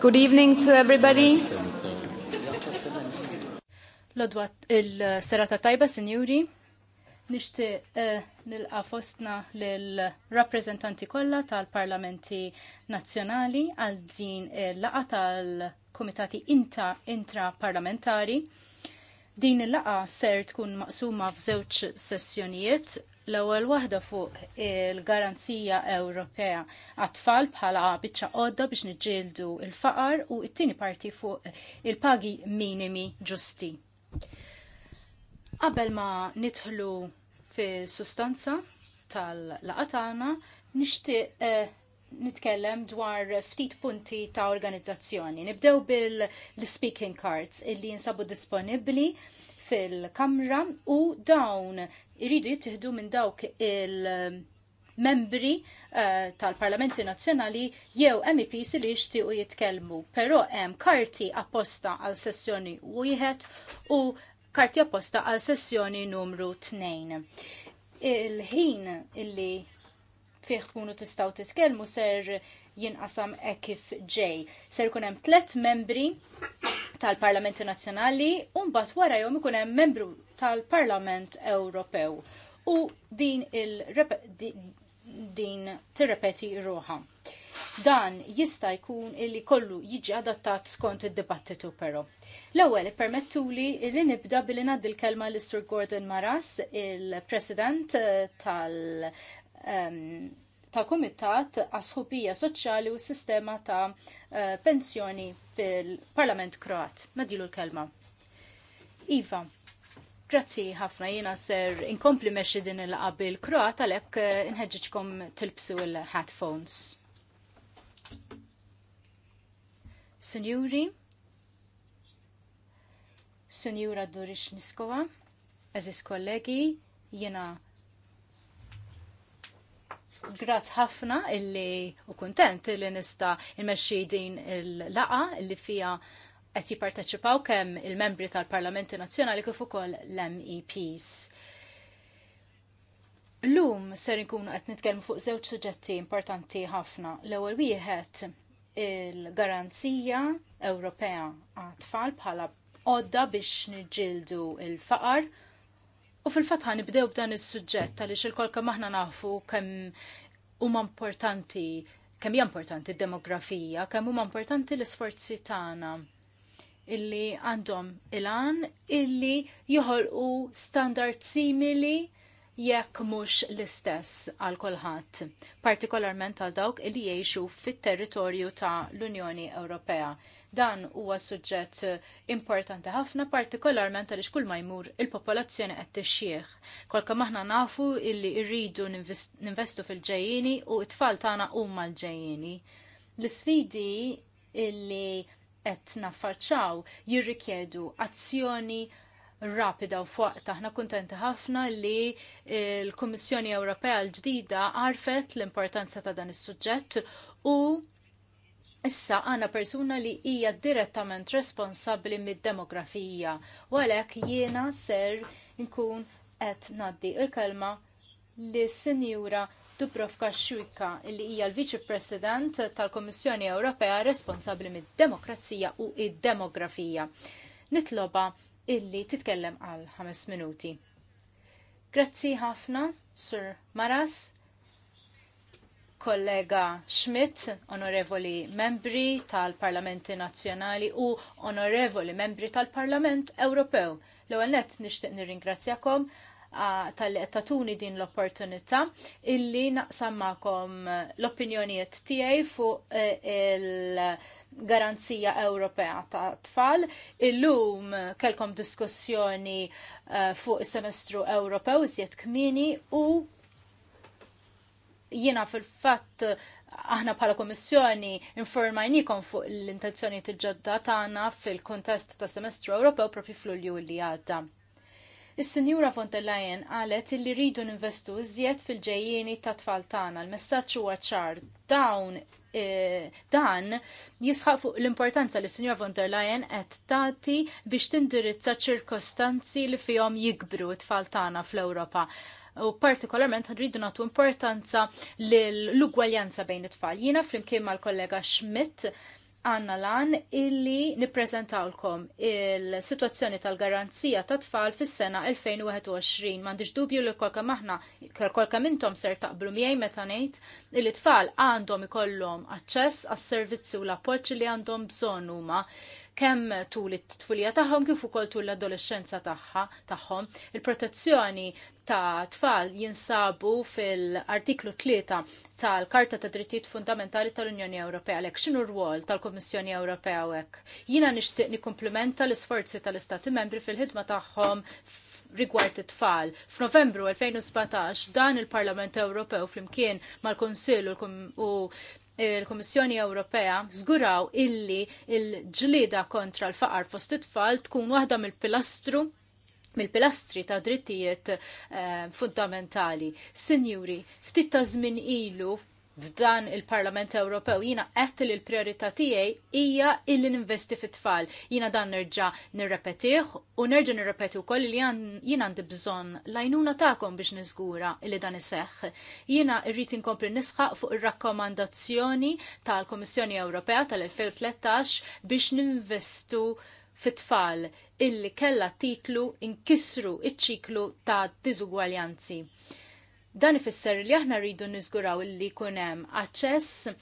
Good evening to everybody. Lodwa il-serata tajba, sinjuri. Nishti eh, nilqa fostna l-rappresentanti kollha tal-parlamenti nazzjonali għal din il-laqa tal-komitati intra-parlamentari. Din il-laqa ser tkun maqsuma f'żewġ sessjonijiet L-ewwel waħda fuq il-Garanzija Ewropea għat-tfal bħala biċċa għodda biex niġġieldu il-faqar u t-tieni parti fuq il-pagi minimi ġusti. Qabel ma nidħlu fis-sustanza tal-laqatana nixtieq eh, nitkellem dwar ftit punti ta' organizzazzjoni. Nibdew bil-speaking cards illi jinsabu disponibbli fil-Kamra u dawn iridu jittihdu minn dawk il- membri uh, eh, tal-Parlamenti Nazzjonali jew MEPs li jixtiequ jitkellmu, però hemm karti apposta għal sessjoni wieħed u karti apposta għal sessjoni numru 2. Il-ħin illi fih tkunu tistaw titkellmu ser jinqasam ekif kif ġej. Ser kunem hemm tliet membri tal-Parlamenti Nazzjonali u mbagħad wara jom ikun hemm membru tal-Parlament Ewropew. U din il din tirrepeti ruħa. Dan jista' jkun illi kollu jiġi adattat skont id-dibattitu però. L-ewwel permettuli li nibda billi ngħaddi l-kelma l-Sir Gordon Maras, il-President eh, tal- um, ta' komitat għasħubija soċjali u s-sistema ta' eh, pensjoni fil-Parlament Kroat. Nadilu l-kelma. Iva, grazzi ħafna jina ser inkompli meċi din il-qabil Kroat għalek eh, inħedġiċkom tilbsu il-headphones. Senjuri, Senjura Doris Niskova, eżis kollegi, jina grat ħafna illi u kontent illi nista il-mexxi din il-laqa illi fija qed jipparteċipaw kemm il-membri tal-Parlamenti Nazzjonali kif ukoll l-MEPs. Lum ser nkunu qed nitkellmu fuq żewġ suġġetti importanti ħafna. L-ewwel wieħed il-garanzija Ewropea għat-tfal bħala għodda biex niġġieldu il-faqar U fil-fatt nibdew b'dan is-suġġett għaliex il-kol kemm aħna nafu kemm huma importanti kemm hija importanti d-demografija, kemm huma importanti l-isforzi tagħna illi għandhom il-għan illi joħolqu standard simili jekk mhux l-istess għal kulħadd, partikolarment għal dawk li jgħixu fit-territorju ta' l-Unjoni Ewropea. Dan huwa suġġett importanti ħafna partikolarment għaliex kull ma jmur il-popolazzjoni qed tixjieħ. Kolka maħna nafu illi rridu ninvestu fil-ġejjini u t-tfal tagħna huma l-ġejjini. L-isfidi illi qed naffaċċaw jirrikjedu azzjoni rapida u fuqta. Aħna kuntenti ħafna li l-Kummissjoni Ewropea l-ġdida għarfet l-importanza ta' dan is-suġġett u Issa għana persuna li hija direttament responsabli mid-demografija, u għalhekk jiena ser nkun qed naddi il-kelma li sinjura Dubrovka Xwika li hija l-Viċi President tal-Kommissjoni Ewropea responsabbli mid-demokrazija u id-demografija. Nitloba illi titkellem għal 5 minuti. Grazzi ħafna, Sir Maras, kollega Schmidt, onorevoli membri tal-Parlamenti Nazzjonali u onorevoli membri tal-Parlament Ewropew. L-ewwel nett nixtieq nirringrazzjakom tal-li tatuni din l-opportunità illi naqsam magħkom l-opinjonijiet tiegħi fuq e, il-Garanzija Ewropea ta' tfal. Illum kelkom diskussjoni e, fuq is-semestru Ewropew iżjed kmini u jiena fil-fatt aħna bħala komissjoni informajnikom fuq l-intenzjoni t-ġodda tagħna fil-kontest ta' semestru Ewropew propri fl-Ulju li għadda. Is-Sinjura von der Leyen qalet li rridu ninvestu iżjed fil-ġejjieni ta' tfal tagħna. L-messaġġ huwa ċar dawn e, dan jisħaq fuq l-importanza li Sinjor von der Leyen qed tagħti biex tindirizza ċirkostanzi li fihom jikbru tfal tagħna fl-Ewropa u partikolarment rridu nagħtu importanza l-ugwaljanza bejn it-tfal. Jiena flimkien mal-kollega Schmidt għanna lan illi niprezentawlkom il-situazzjoni tal-garanzija ta' tfal fis-sena 2021. M'għandix dubju li kolka maħna, kolka mintom ser taqblu miegħi meta ngħid li tfal għandhom ikollhom aċċess għas-servizzi u l-appoġġ li għandhom bżonn huma kemm tul it-tfulija tagħhom kif ukoll tul l-adolescenza tagħha tagħhom. Il-protezzjoni ta' tfal jinsabu fil-artiklu 3 tal-Karta ta' Drittijiet Fundamentali tal-Unjoni Ewropea. Lek x'inhu r-rwol tal-Kummissjoni Ewropea hekk? Jiena nixtieq nikkumplimenta l-isforzi tal-Istati Membri fil-ħidma tagħhom rigward it-tfal. F'Novembru 2017 dan il-Parlament Ewropew flimkien mal-Konsill u il-Komissjoni Ewropea żguraw illi il-ġlida kontra l-faqar fost it-tfal tkun waħda mill-pilastru mill-pilastri ta' drittijiet eh, fundamentali. Sinjuri, ftit ta' żmien ilu f'dan il-Parlament Ewropew jina qed li l-priorità tiegħi hija illi ninvesti fit-tfal. Jina dan nerġa' nirrepetih u nerġa' nirrepeti wkoll li jien għandi bżonn lajnuna tagħkom biex niżgura li dan iseħħ. Jina rrid inkompli nisħaq fuq ir-rakkomandazzjoni tal-Kummissjoni Ewropea tal-2013 biex ninvestu fit-tfal illi kella titlu inkisru iċ-ċiklu ta' diżugwaljanzi. Dan ifisser li aħna rridu niżguraw li jkun hemm aċċess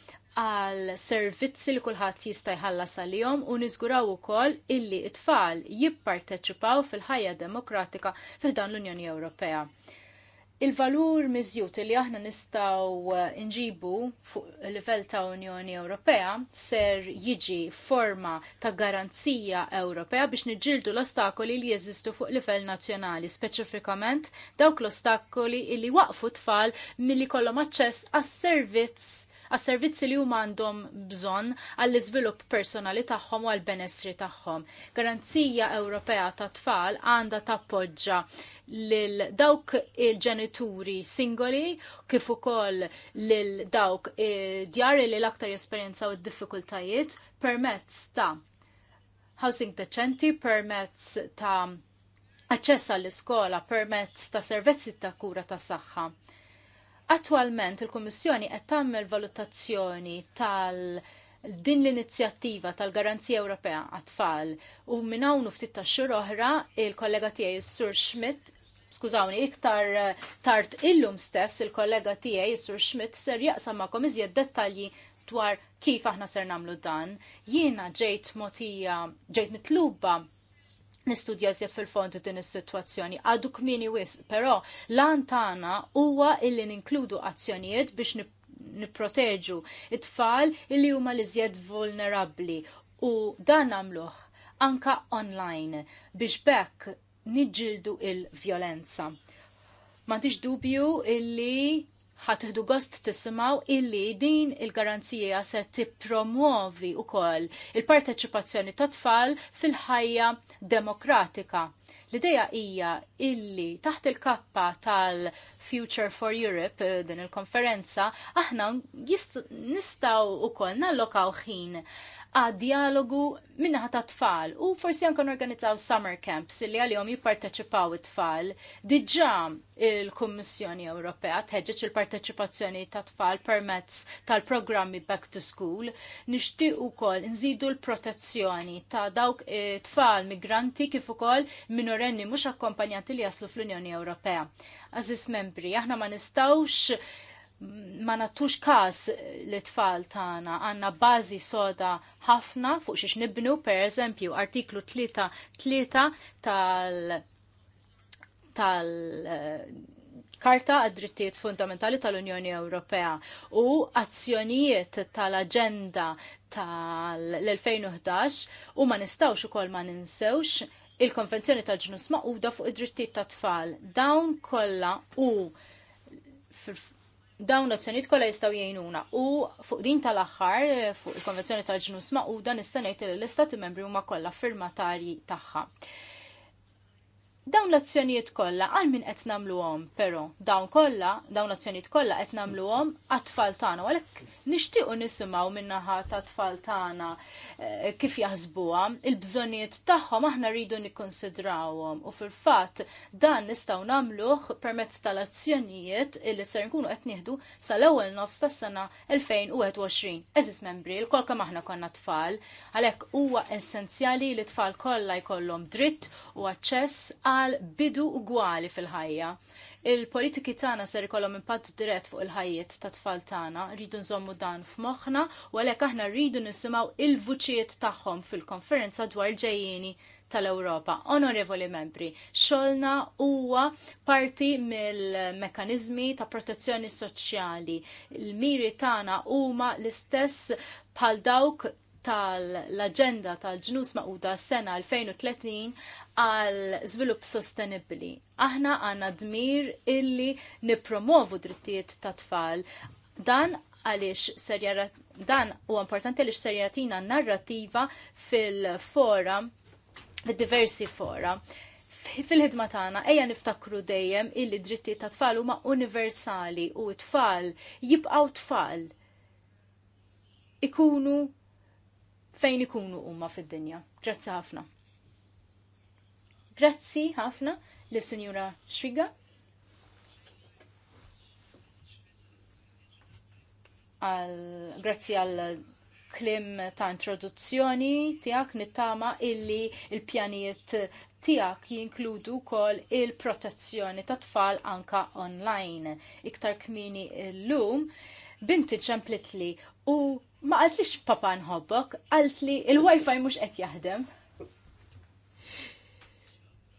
għal servizzi li kulħadd jista' jħallas għalihom u niżguraw ukoll illi t tfal jipparteċipaw fil-ħajja demokratika fih dan l-Unjoni Ewropea. Il-valur miżjut li aħna nistaw eh, nġibu fuq livell ta' Unjoni Ewropea ser jiġi forma ta' garanzija Ewropea biex niġġildu l-ostakoli li jeżistu fuq livell nazzjonali, speċifikament dawk l-ostakoli li waqfu tfal milli kollhom aċċess għas-servizz għas-servizzi li huma għandhom bżonn għall-iżvilupp personali tagħhom u għall-benessri tagħhom. Garanzija Ewropea ta' tfal għandha tappoġġa lil dawk il-ġenituri singoli kif ukoll lil dawk djari li l-aktar jesperjenzaw id-diffikultajiet permezz ta' housing deċenti, permezz ta' aċċess għall-iskola permezz ta' servizzi ta' kura ta' saħħa. Attualment il-Kummissjoni qed tagħmel valutazzjoni tal- din l-inizjattiva tal-Garanzija Ewropea għat-tfal u minn hawn ftit ta' xhur oħra il-kollega tiegħi Sur Schmidt skużawni, iktar eh, tard illum stess il-kollega tiegħi Sur Schmidt ser jaqsam magħkom iżjed dettalji dwar kif aħna ser nagħmlu dan. Jiena ġejt motija, ġejt mitluba nistudja zjed fil-fond din is-sitwazzjoni. Għadu kmini wis, però lan tagħna huwa illi ninkludu azzjonijiet biex nipproteġu it-tfal illi huma li zjed vulnerabbli u dan nagħmluh anka online biex bekk niġġildu il-vjolenza. Ma tix dubju illi ħatiħdu gost tisimaw illi din il-garanzija se tippromuovi u koll il-parteċipazzjoni tat tfal fil-ħajja demokratika. L-ideja hija illi taħt il-kappa tal-Future for Europe eh, din il-konferenza aħna nistaw koll nallokaw ħin għad dialogu minnaħat ta' tfal u forsi anka organizzaw summer camps li għal-jom jipparteċipaw it-tfal. Diġa il-Kommissjoni Ewropea tħeġġeġ il-parteċipazzjoni ta' tfal permezz tal-programmi Back to School. Nixtieq ukoll nżidu l-protezzjoni ta' dawk eh, tfal migranti kif ukoll minorenni mhux akkompanjati li jaslu fl-Unjoni Ewropea. Aziz membri, aħna ma nistawx ma natux kas li tfal tana għanna bazi soda ħafna fuq xiex nibnu per eżempju artiklu 3-3 tal tal eh, Karta għad-drittijiet fundamentali tal-Unjoni Ewropea u azzjonijiet tal-Aġenda tal-2011 u ma nistawx ukoll ma ninsewx il-Konvenzjoni tal-ġnus maquda fuq id-drittijiet ta' tfal. Dawn kollha u dawn l kollha jistgħu jgħinuna u fuq din tal-aħħar fuq il-Konvenzjoni tal-ġnus maquda nista' ngħid li l-istati membri huma kollha firmatarji tagħha. Dawn l-azzjonijiet kollha għal min qed nagħmluhom, però dawn kollha, dawn l-azzjonijiet kollha qed nagħmluhom għat-tfal tagħna, għalhekk nixtiequ nisimgħu min-naħa tat-tfal tagħna eh, kif jaħsbuha, il-bżonnijiet tagħhom aħna rridu nikkonsidrawhom u fil-fatt dan nistgħu nagħmluh permezz tal-azzjonijiet illi ser nkunu qed nieħdu sal-ewwel nofs tas-sena 2021. Eżis membri, l-kol kemm aħna konna tfal, għalhekk huwa essenzjali li tfal kollha jkollhom dritt u aċċess għal bidu ugwali fil-ħajja. Il-politiki tagħna ser ikollhom impatt dirett fuq il-ħajjiet ta' tfal tagħna, rridu nżommu dan f'moħħna u għalhekk aħna rridu nisimgħu il-vuċijiet tagħhom fil-konferenza dwar ġejjieni tal-Ewropa. Onorevoli membri, xolna huwa parti mill-mekanizmi ta' protezzjoni soċjali. Il-miri tagħna huma l-istess bħal dawk tal-Aġenda tal-Ġnus Maquda sena 2030 għal żvilupp sostenibbli. Aħna għandna dmir illi nippromovu drittijiet ta' tfal. Dan għaliex serjara dan u importanti għaliex serjatina narrativa fil-fora, fil-diversi fora. Fil-ħidma tagħna ejja niftakru dejjem illi drittijiet ta' tfal huma universali u t-tfal jibqgħu tfal ikunu fejn ikunu huma fid-dinja. Grazzi ħafna. Grazzi ħafna lis sinjura Xwiga. Grazzi għal klim ta' introduzzjoni tijak nittama illi il-pjanijiet tijak jinkludu kol il-protezzjoni ta' tfal anka online. Iktar kmini l-lum, binti ġemplitli u ma għaltlix papa nħobbok, għaltli il-wifi mux qed jaħdem.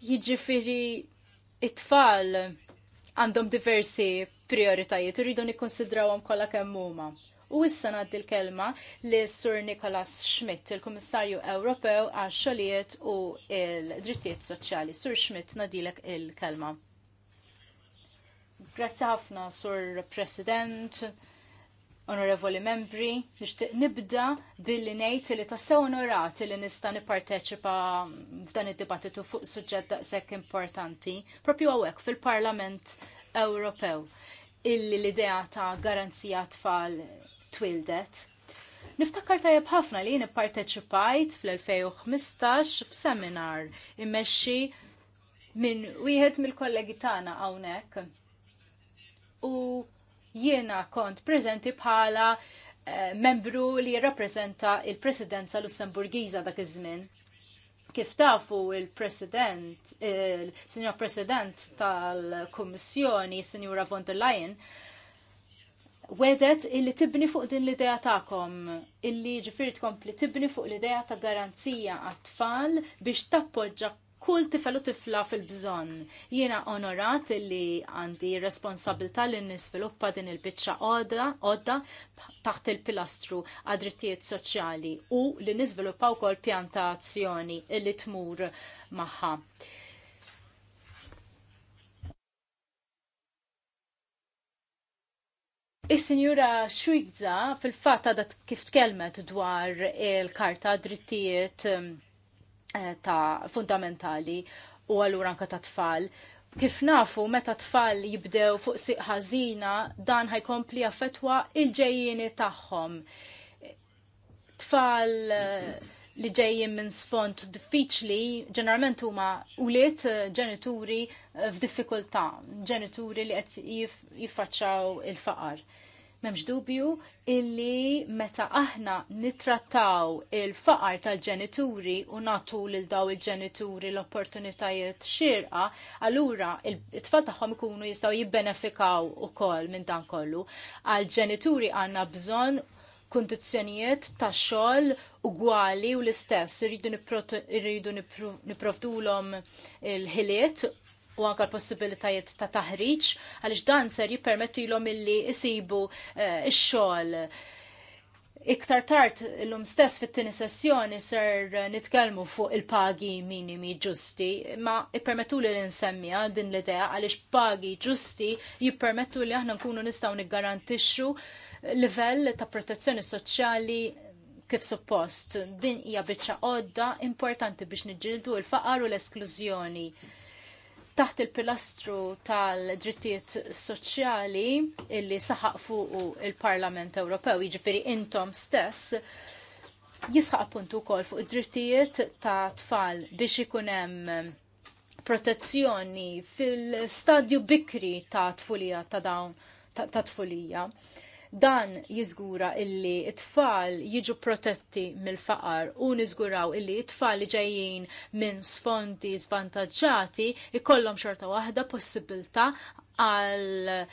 Jiġifiri it-tfal għandhom diversi prioritajiet, rridu nikkonsidrawhom kollha kemm huma. U issa ngħaddi l-kelma li Sur Nikolas Schmidt, il-Kummissarju Ewropew għal xogħlijiet u l-drittijiet soċjali. Sur Schmidt nadilek il-kelma. Grazzi ħafna, Sur President onorevoli membri, nixtieq nibda billi ngħid li tassew onorati li nista' nipparteċipa f'dan id-dibattitu fuq suġġett daqshekk importanti, propju għawek fil-Parlament Ewropew, illi l-idea ta' garanzija tfal twildet. Niftakar tajjeb ħafna li jien fl-2015 f'seminar immexxi minn wieħed mill-kollegi tagħna hawnhekk. U jiena kont preżenti bħala eh, membru li jirrappreżenta il-presidenza lussemburgiża dak iż-żmien kif tafu il-President, il-Sinjor President il sinjor president tal kummissjoni Sinjura von der Leyen, wedet illi tibni fuq din l idea ta'kom, illi ġifiri tkompli tibni fuq l idea ta' garanzija għat-tfal biex tappoġġa kull tifel u tifla fil-bżonn. Jiena onorat li għandi responsabilità li nisviluppa din il bicċa għodda taħt il-pilastru għadrittijiet soċjali u li nisviluppa wkoll pjantazzjoni li tmur magħha. Is-Sinjura Xwigza fil-fatt dat kif tkelmet dwar il-karta drittijiet um, Eh, ta' fundamentali u għallura anka ta' tfal. Kif nafu meta tfal jibdew fuq siq ħażina dan ħajkompli affetwa il-ġejjini tagħhom. Tfal eh, li ġejjin minn sfond diffiċli, ġeneralment huma uliet eh, ġenituri f'diffikultà, ġenituri li qed jiffaċċaw il-faqar. Memx dubju illi meta aħna nitrattaw il-faqar tal-ġenituri u natu lil daw il-ġenituri l-opportunitajiet xirqa, allura il tfal tagħhom ikunu jistgħu jibbenefikaw ukoll minn dan kollu. Għal-ġenituri għandna bżonn kundizzjonijiet ta' xogħol ugwali u l-istess irridu niprovdulhom il-ħiliet u anka l-possibilitajiet ta' taħriġ għaliex dan ser jippermettilhom illi jisibu eh, x-xogħol. Iktar tard l-lum stess fit-tieni sessjoni ser nitkellmu fuq il-pagi minimi ġusti, ma ippermettu li l-insemmija din l-idea għaliex pagi ġusti jippermettu li aħna nkunu nistgħu niggarantixxu livell ta' protezzjoni soċjali kif suppost. Din hija biċċa għodda importanti biex niġġieldu l-faqar u l-esklużjoni taħt il-pilastru tal-drittijiet soċjali illi saħaq fuq il-Parlament Ewropew, jiġifieri intom stess, jisħaq appuntu wkoll fuq id-drittijiet ta' tfal biex ikun hemm protezzjoni fil-stadju bikri ta' tfulija ta' dawn ta' tfulija. Dan jiżgura illi it-tfal jiġu protetti mill-faqar u niżguraw illi it-tfal li ġejjin minn sfondi zvantaġġati ikollhom xorta waħda possibilità għal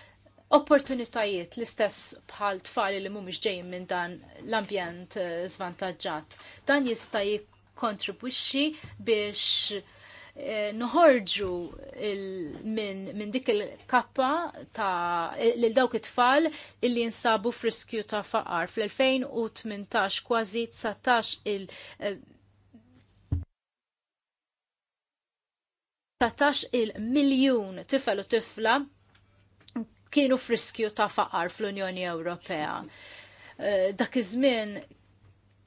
opportunitajiet l-istess bħal tfal li mhumiex ġejjin minn dan l-ambjent eh, zvantaġġat. Dan jista' jikkontribwixxi biex Eh, noħorġu minn min dik il-kappa ta' lil dawk it-tfal illi jinsabu friskju ta' faqar. Fl-2018 kważi 19 il- 19 eh, il-miljun tifel u tifla kienu friskju ta' faqar fl-Unjoni Ewropea. Eh, dak iż-żmien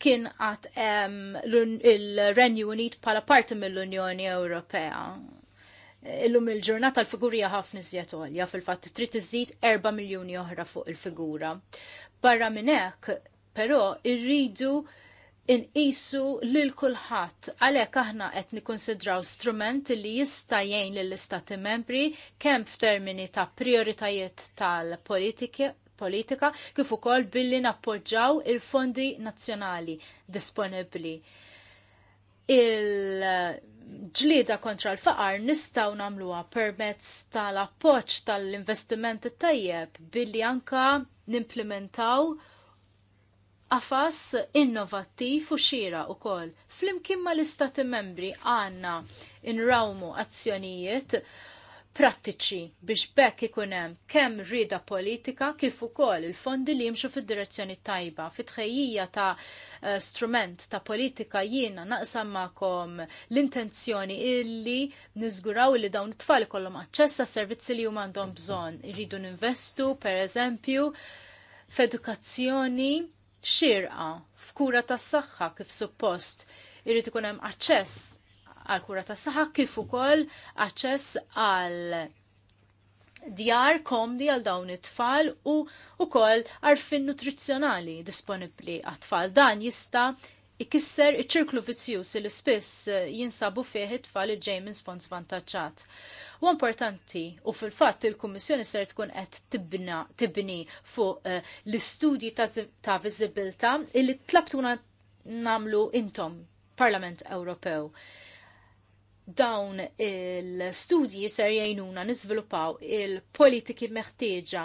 kien għat il-Renju Unit pala parti mill-Unjoni Ewropea. Illum il-ġurnata l-figurija ħafna iżjed għolja, fil-fatt trid iżid 4 miljoni oħra fuq il-figura. Barra minn hekk, però irridu inqisu lil kulħadd għalhekk aħna qed nikkonsidraw strument li jista' jgħin lill-istati membri kemm f'termini ta' prioritajiet tal-politiki politika kif ukoll billi nappoġġaw il-fondi nazzjonali disponibbli. Il-ġlieda kontra l-faqar nistgħu nagħmluha permezz tal-appoġġ tal-investiment tajjeb billi anka nimplementaw afas innovattiv u xira u koll. Flimkien ma l-istati membri għanna inrawmu azzjonijiet prattiċi biex bekk ikun hemm kemm rida politika kif ukoll il-fondi li jimxu fil direzzjoni tajba. Fit-tħejjija ta' eh, strument ta' politika jiena naqsam magħkom l-intenzjoni illi niżguraw li dawn it-tfal ikollhom aċċess għas servizzi li huma għandhom bżonn. Irridu ninvestu, pereżempju, f'edukazzjoni xirqa, f'kura tas-saħħa kif suppost. Irrid ikun hemm aċċess għal kura tas saħħa kif ukoll aċċess għal djar komdi għal dawn it-tfal u ukoll arfin nutrizzjonali disponibbli għat-tfal. Dan jista' ikisser iċ-ċirklu vizzjuż li spiss jinsabu fih it-tfal iġej minn spont svantaġġat. U importanti, u fil-fatt il-Kummissjoni ser tkun qed tibni fuq eh, l-istudji ta' viżibilta illi tlabtuna namlu intom Parlament Ewropew dawn il-studji ser jgħinuna nizvilupaw il-politiki meħtieġa.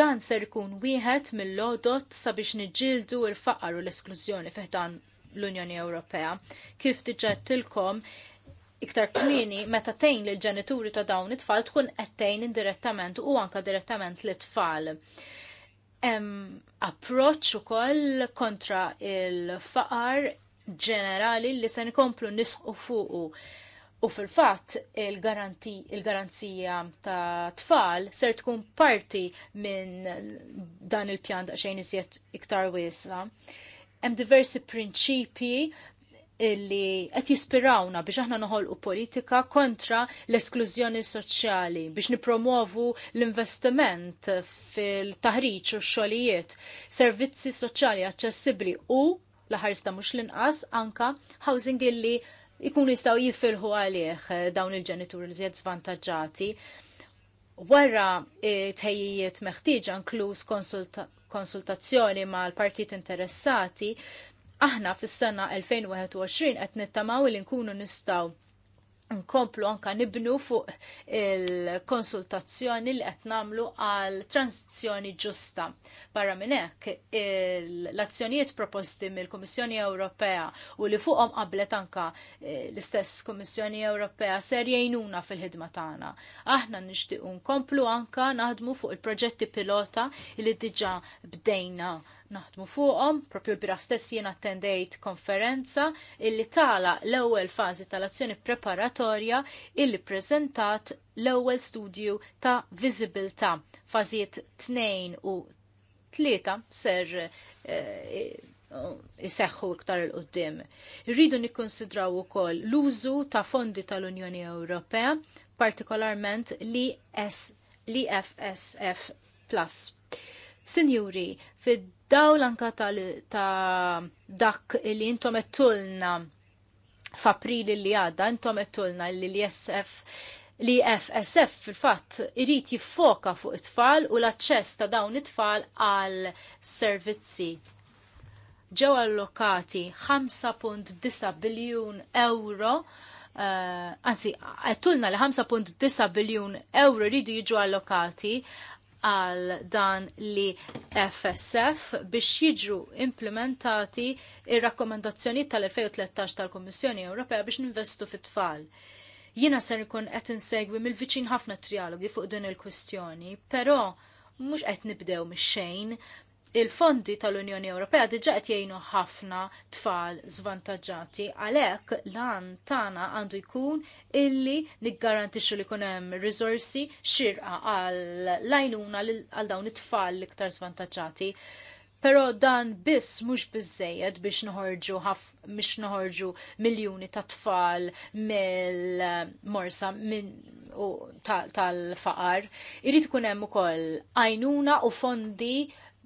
Dan ser ikun wieħed mill-lodot sabiex niġġieldu l-faqar u l-esklużjoni fiħdan l-Unjoni Ewropea. Kif tilkom iktar kmini meta tejn lil ġenituri ta' dawn it-tfal tkun qed tgħin indirettament u anka direttament l tfal Em, ukoll kontra il-faqar ġenerali li se nkomplu nisqu fuqu. U fil-fatt il-garanzija ta' tfal ser tkun parti minn dan il-pjan da' xejn isiet iktar wiesa. Hemm diversi prinċipji illi qed jispirawna biex aħna noħolqu politika kontra l-esklużjoni soċjali biex nipromovu l-investiment fil-taħriġ u x-xogħlijiet, servizzi soċjali aċċessibbli u l-ħarsta mhux l-inqas anka housing illi jkunu jistgħu jiffilħu għalih eh, dawn il-ġenituri li zjed svantagġati. Warra eh, tħejjiet meħtieġa inkluż konsultazzjoni mal-partit interessati, aħna fis-sena 2021 qed nittamaw li nkunu nistgħu nkomplu anka nibnu fuq il-konsultazzjoni li qed nagħmlu għal tranzizzjoni ġusta. Barra minn hekk l-azzjonijiet proposti mill-Kummissjoni Ewropea u li fuqhom qablet anka eh, l-istess Kummissjoni Ewropea ser jgħinuna fil-ħidma tagħna. Aħna nixtiequ nkomplu anka naħdmu fuq il-proġetti pilota li diġà bdejna naħdmu fuqhom. Propju l bira stess jien attendejt konferenza illi tala l-ewwel fażi tal-azzjoni preparatorja illi preżentat l-ewwel studju ta' viżibilità. Fażijiet 2 u 3 ser eh, iseħħu jiseħħu iktar il-qoddim. Rridu nikkonsidraw ukoll l-użu ta' fondi tal-Unjoni Ewropea, partikolarment l-EFSF Plus. Sinjuri, fid-dawl anka ta' dak li intom ettulna f'aprili li għadda, intom ettulna li l-ISF li FSF fil-fatt irrit jiffoka fuq it-tfal u l-aċċess ta' dawn it-tfal għal servizzi. Ġew allokati 5.9 biljun euro Uh, anzi, għettulna li 5.9 biljun euro rridu jiġu allokati għal dan li FSF biex jiġru implementati ir-rakkomandazzjoni tal-2013 tal-Kommissjoni Ewropea biex ninvestu fit-tfal jina ser ikun qed insegwi mill-viċin ħafna trialogi fuq din il-kwistjoni, però mhux qed nibdew mix-xejn, il-fondi tal-Unjoni Ewropea diġa qed jgħinu ħafna tfal zvantaġġati għalhekk lan tagħna għandu jkun illi niggarantixxu li jkun hemm riżorsi xirqa għall lajnuna għal dawn it-tfal l-iktar zvantaġġati. Pero dan biss mhux biżejjed biex noħorġu biex noħorġu miljuni ta' tfal mill-morsa tal-faqar. Irid ikun hemm ukoll għajnuna u fondi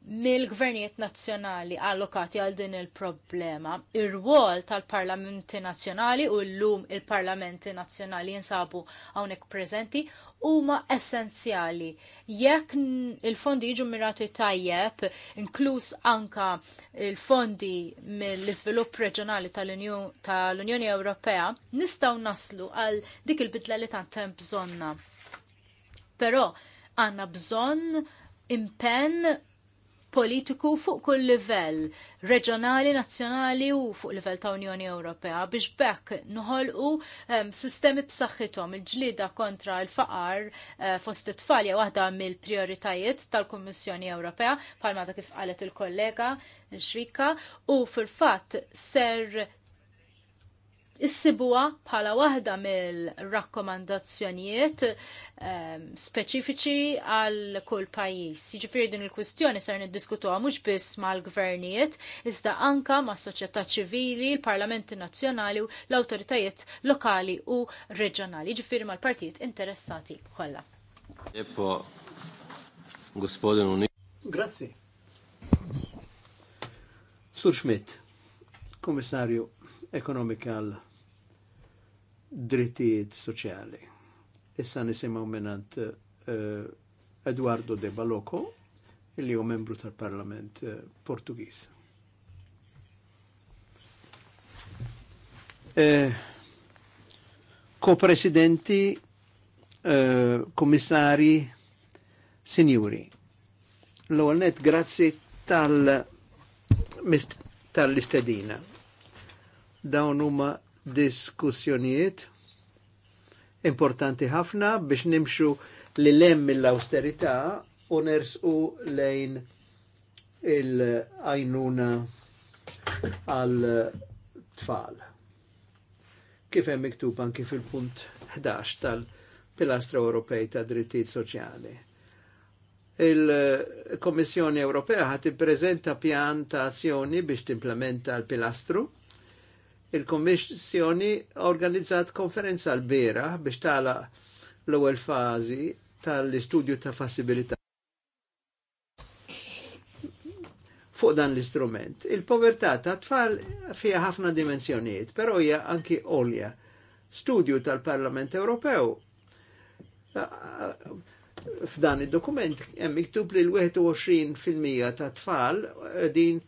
mill-gvernijiet nazzjonali allokati għal din il-problema, ir-rwol tal-parlamenti nazzjonali u l-lum il-parlamenti nazzjonali jinsabu hawnhekk preżenti huma essenzjali. Jekk il-fondi jiġu mirati tajjeb, inkluż anka il-fondi mill-iżvilupp reġjonali tal-Unjoni Ewropea, nistgħu naslu għal dik il-bidla li tant hemm bżonna. Però għandna bżonn impenn politiku fuq kull livell, reġjonali, nazzjonali u fuq livell ta' Unjoni Ewropea biex bekk noħolqu um, sistemi b'saħħithom il-ġlida kontra l-faqar uh, fost it-tfal jew waħda mill-prioritajiet tal-Kummissjoni Ewropea bħalma ta' kif qalet il-kollega Xrika u fil-fatt ser issibuha bħala waħda mill-rakkomandazzjonijiet um, speċifiċi għal kull pajjiż. Jiġifieri din il-kwistjoni ser niddiskutuha mhux biss mal-gvernijiet, iżda anka mas soċjetà ċivili, l parlamenti nazzjonali u l-awtoritajiet lokali u reġjonali, jiġifieri mal-partijiet interessati kollha. Grazzi. Sur Schmidt, Komissarju Ekonomika drittijiet soċjali. Issa nisimaw minnant uh, Eduardo De Baloco, illi hu membru tal-Parlament uh, Portugis. Eh, Ko-presidenti, eh, komissari, signori, l net grazzi tal-istedina. Tal Dawn huma diskussjonijiet importanti ħafna biex nimxu li lem mill-austerità u nersqu lejn il-għajnuna għal tfal. Kif hemm miktub anki fil-punt 11 tal pilastra Ewropej ta' Drittijiet Soċjali. Il-Kommissjoni Ewropea ħat ippreżenta pjan ta' azzjoni biex timplementa l-pilastru Il-Kommissjoni organizzat konferenza l-bera biex tala l-ewwel fażi tal-istudju ta' fassibilità. fuq dan l-istrument. Il-povertà ta' tfal fija ħafna dimensjonijiet, però hija anki olja. Studju tal-Parlament Ewropew f'dan id-dokument hemm miktub li l-21% ta' tfal din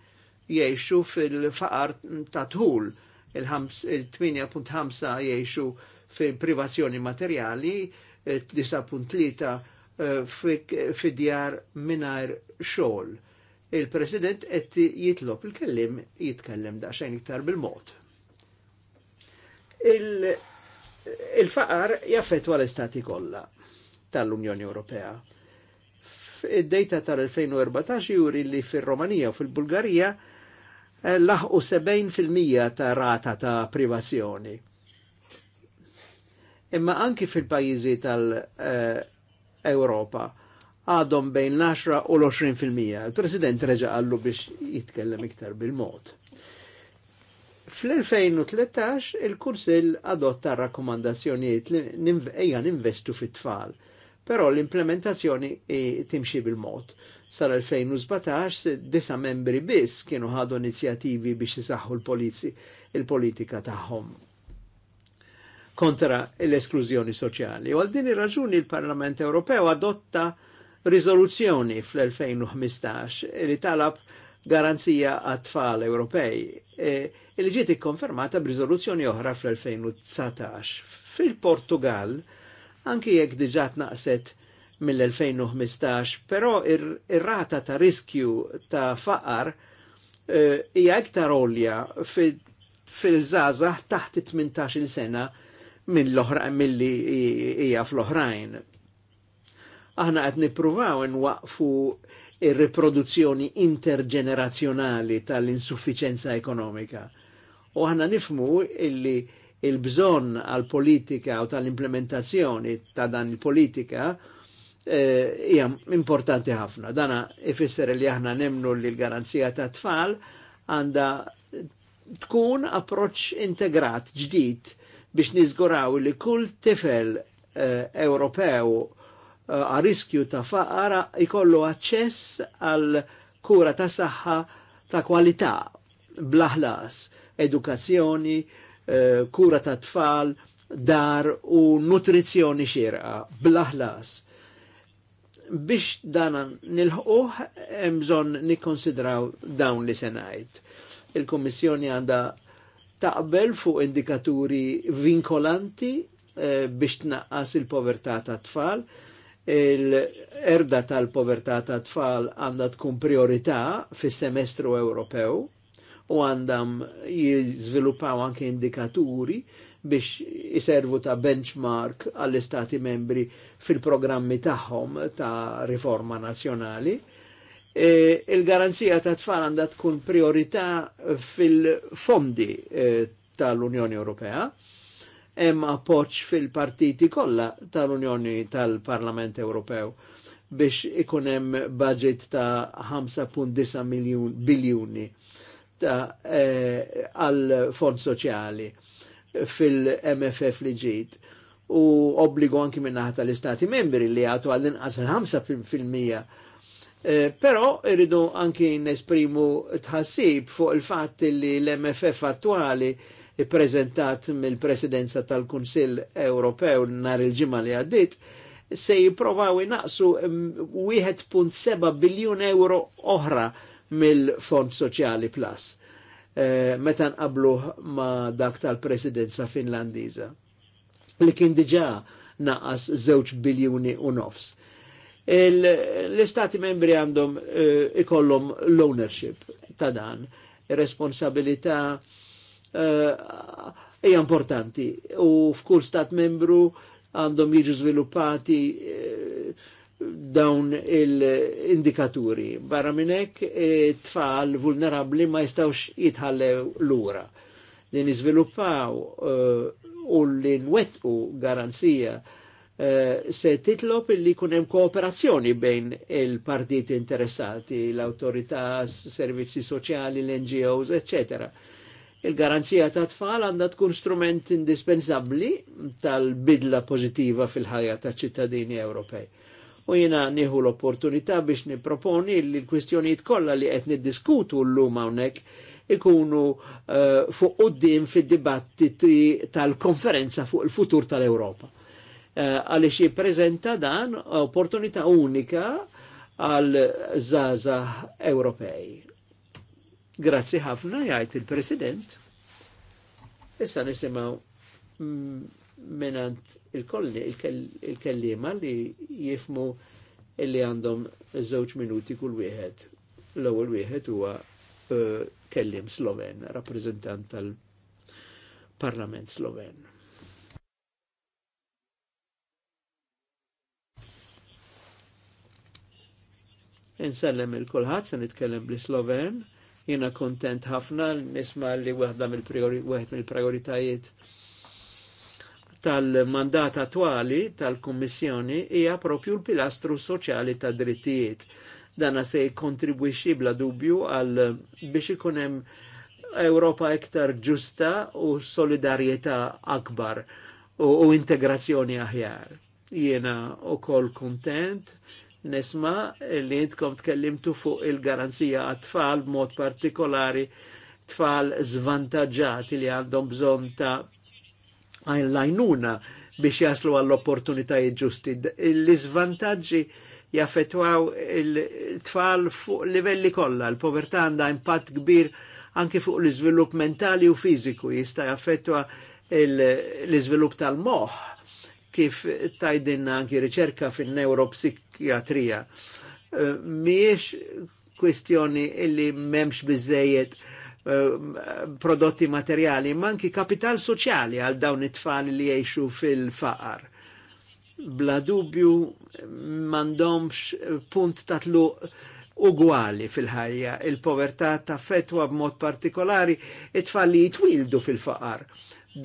jgħixu fil-faqar ta' tħul il-8.5 jiexu fi privazzjoni materjali, 9.3 eh, eh, fi djar minar xol. Il-President qed jitlob il-kellim jitkellem daqsxejn iktar bil-mod. Il-faqar il jaffetwa l-istati kollha tal-Unjoni Ewropea. Id-dejta tal-2014 juri li fil-Romanija u fil-Bulgarija fil romania u fil bulgarija Eh, laħqu 70% ta' rata ta' privazzjoni. Imma anki fil-pajjiżi tal-Europa għadhom bejn l-10 u l-20%. Il-President reġa għallu biex jitkellem iktar bil-mod. Fl-2013 il-Kunsill adotta rakkomandazzjonijiet li ejja ninvestu fit-tfal, però l-implementazzjoni timxi bil-mod sar-2017 disa membri biss kienu ħadu inizjattivi biex isaħħu l-politika tagħhom kontra l-esklużjoni soċjali. U għal din ir-raġuni l-Parlament Ewropew adotta riżoluzzjoni fl-2015 li talab garanzija għat-tfal Ewropej Il e, li ġiet ikkonfermata b'riżoluzzjoni oħra fl-2019. Fil-Portugal, anki jekk diġà naqset mill-2015, però ir-rata ta' riskju ta' faqar eh, hija iktar olja fil-żazax taħt 18 sena minn l-oħrajn milli hija fl-oħrajn. Aħna qed nippruvaw nwaqfu ir-riproduzzjoni interġenerazzjonali tal-insuffiċenza ekonomika. U aħna nifmu illi il-bżonn għal-politika u tal-implementazzjoni ta' dan il-politika il politika Eh, hija importanti ħafna. Dana ifisser li aħna nemnu li l-garanzija ta' tfal għanda tkun approċ integrat ġdid biex nizguraw li kull tifel eh, Ewropew eh, a riskju ta' faqara jkollu aċċess għal kura ta' saħħa ta' kwalità blaħlas, edukazzjoni, kura ta' tfal, dar u nutrizzjoni xirqa blaħlas biex danan nilħuħ emżon nikonsidraw dawn li senajt. il komissjoni għanda taqbel fuq indikaturi vinkolanti eh, biex tnaqqas il-povertà ta' tfal, il-erda tal-povertà ta' tfal għanda tkun priorità fis semestru Ewropew u għandam jizviluppaw anke indikaturi biex iservu ta' benchmark għall-istati membri fil-programmi tagħhom ta' riforma nazjonali. E, Il-garanzija ta' tfal għandha tkun priorità fil-fondi e, tal-Unjoni Ewropea hemm appoġġ fil-partiti kollha tal-Unjoni tal-Parlament Ewropew biex ikun hemm budget ta' 5.9 biljuni ta' e, għal fond fond soċjali fil-MFF li ġiet u obbligu anki min-naħta tal-istati membri li għatu għallin inqas 5%. mija pero irridu anki nesprimu tħassib fuq il fat li l-MFF attuali prezentat mill-presidenza tal-Kunsill Ewropew nar il-ġimma li għaddit se jiprovaw inaqsu 1.7 biljun euro oħra mill-Fond Soċjali Plus Eh, meta nqablu ma dak tal-presidenza finlandiża li kien diġà naqas żewġ biljuni u nofs. L-istati membri għandhom eh, ikollhom l-ownership ta' dan, responsabilità eh, hija importanti u f'kull stat membru għandhom jiġu żviluppati dawn il-indikaturi. Barra minnek, e, tfal vulnerabli ma jistawx jitħallew l-ura. Li nizviluppaw e, u li nwetqu garanzija e, se titlop li kunem kooperazzjoni bejn il-partiti interessati, l-autorità, servizzi soċjali, l-NGOs, eccetera. Il-garanzija ta' tfal għandha tkun strument indispensabbli tal-bidla pożittiva fil-ħajja ta' ċittadini Ewropej u jina nieħu l-opportunità biex niproponi li l-kwistjonijiet kollha li qed niddiskutu llum hawnhekk ikunu uh, fuq qudiem fid-dibattiti tal-konferenza fuq il-futur tal-Ewropa. Uh, Għaliex jippreżenta dan opportunità unika għal zaza Ewropej. Grazzi ħafna jgħid il-President. Issa nisimgħu mm, Minant il-kolli, il-kellima li jifmu illi għandhom żewġ minuti kull wieħed. L-ewwel wieħed huwa eh, kellim Sloven, rappreżentant tal-Parlament Sloven. Insellem il-kulħadd se nitkellem bl-Sloven, jiena kontent ħafna nisma li waħda mill-prioritajiet tal-mandat attuali tal-Kummissjoni hija propju l-pilastru soċjali ta' drittijiet. Dana se jkontribwixxi bla dubju għal biex ikun hemm Ewropa iktar ġusta u solidarjetà akbar u, u integrazzjoni aħjar. Jiena ukoll kuntent kontent nisma li intkom tkellimtu fuq il-garanzija għat-tfal b'mod partikolari tfal zvantaġġati li għandhom bżon ta' għajnuna biex jaslu għall-opportunitajiet ġusti. l izvantagġi jaffetwaw il-tfal fuq livelli kollha. l povertà għandha impatt kbir anke fuq l-iżvilupp mentali u fiżiku jista' jaffettwa l-iżvilupp tal-moħħ kif tajdinna anki riċerka fin-neuropsikjatrija. Eh, miex kwestjoni illi memx bizzejiet Eh, prodotti materjali, ma anki kapital soċjali għal dawn it-tfal li jgħixu fil-faqar. Bla dubju mandomx punt tatlu ugwali fil-ħajja. Il-povertà taffetwa b'mod partikolari it-tfal li jitwildu fil-faqar.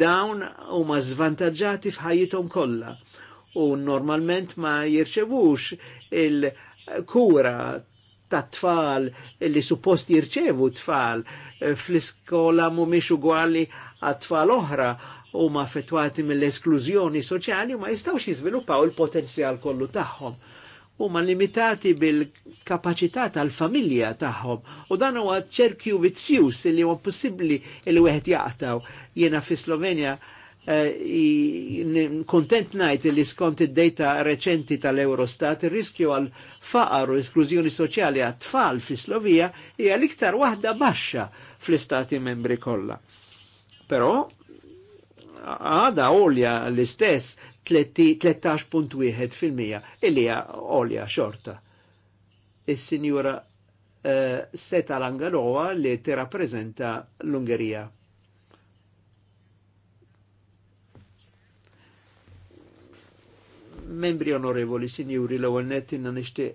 Dawn huma zvantagġati f'ħajjithom kollha u normalment ma jirċevux il-kura ta' tfal li suppost jirċevu tfal eh, fl-iskola mumiex ugwali għat tfal oħra u ma fetwati mill-esklużjoni soċjali ma jistawx jizviluppaw il-potenzjal kollu tagħhom u ma limitati bil-kapacità tal-familja tagħhom u dan huwa ċerkju vizzjus li huwa possibbli li wieħed jaqtaw. Jiena fi Slovenja Eh, kontent najt li skont id-data reċenti tal-Eurostat il-riskju għal faqar u esklużjoni soċjali għat tfal fi Slovija hija l-iktar waħda baxxa fl-istati membri kollha. Però għada olja l-istess 13.1 fil-mija illi olja xorta. Is-sinjura uh, Seta Langalova li tirrappreżenta l-Ungerija membri onorevoli, sinjuri, l-ewwel nett inna nishti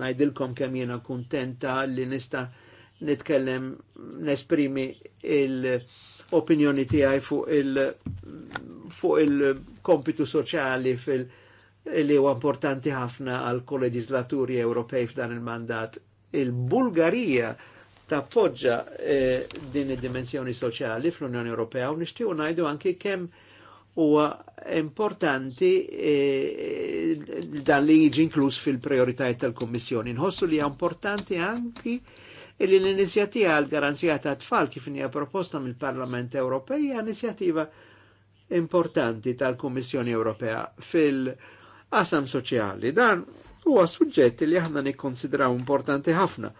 najdilkom kemm jena kuntenta li nista' nitkellem nesprimi il-opinjoni tiegħi fuq il fuq il-kompitu soċali fil li huwa importanti ħafna għal koleġislaturi Ewropej f'dan il-mandat. Il-Bulgarija tappoġġa eh, din id-dimensjoni soċjali fl-Unjoni Ewropea u nixtiequ ngħidu anke kemm huwa importanti eh, eh, dan li jiġi inkluż fil-prioritajiet tal-Kommissjoni. Nħossu li hija importanti anki li l-inizjattiva għal garanzija ta' tfal kif hija proposta mill-Parlament Ewropej hija inizjattiva importanti tal-Kummissjoni Ewropea fil-qasam soċjali. Dan huwa suġġett li aħna nikkonsidraw importanti ħafna,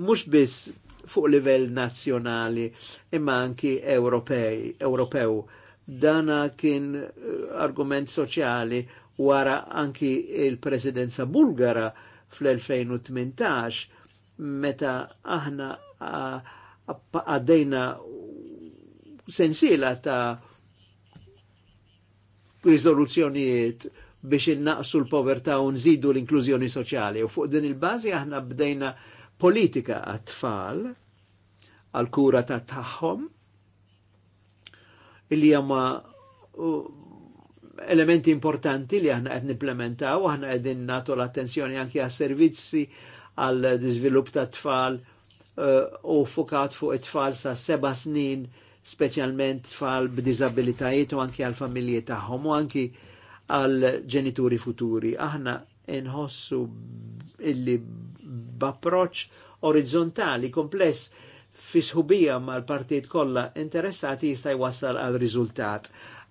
mhux biss fuq livell nazzjonali imma anki Ewropej, Ewropew dana kien eh, argument soċjali wara anki il-presidenza bulgara fl-2018 meta aħna għaddejna sensila ta' rizoluzzjonijiet biex innaqsu l-povertà u nżidu l-inklużjoni soċjali. U fuq din il-bażi aħna bdejna politika għat-tfal għal-kura ta' tagħhom li jama elementi importanti li aħna qed nimplementaw, aħna qegħdin nagħtu l-attenzjoni anke għas servizzi għal diżvilupp ta' tfal e, u fukat fuq it-tfal sa' seba snin, speċjalment tfal b'diżabilitajiet u anke għal familji tagħhom u anke għal ġenituri futuri. Aħna nħossu illi b'approċċ orizzontali kompless fisħubija mal partit kollha interessati jista' jwassal għal riżultat.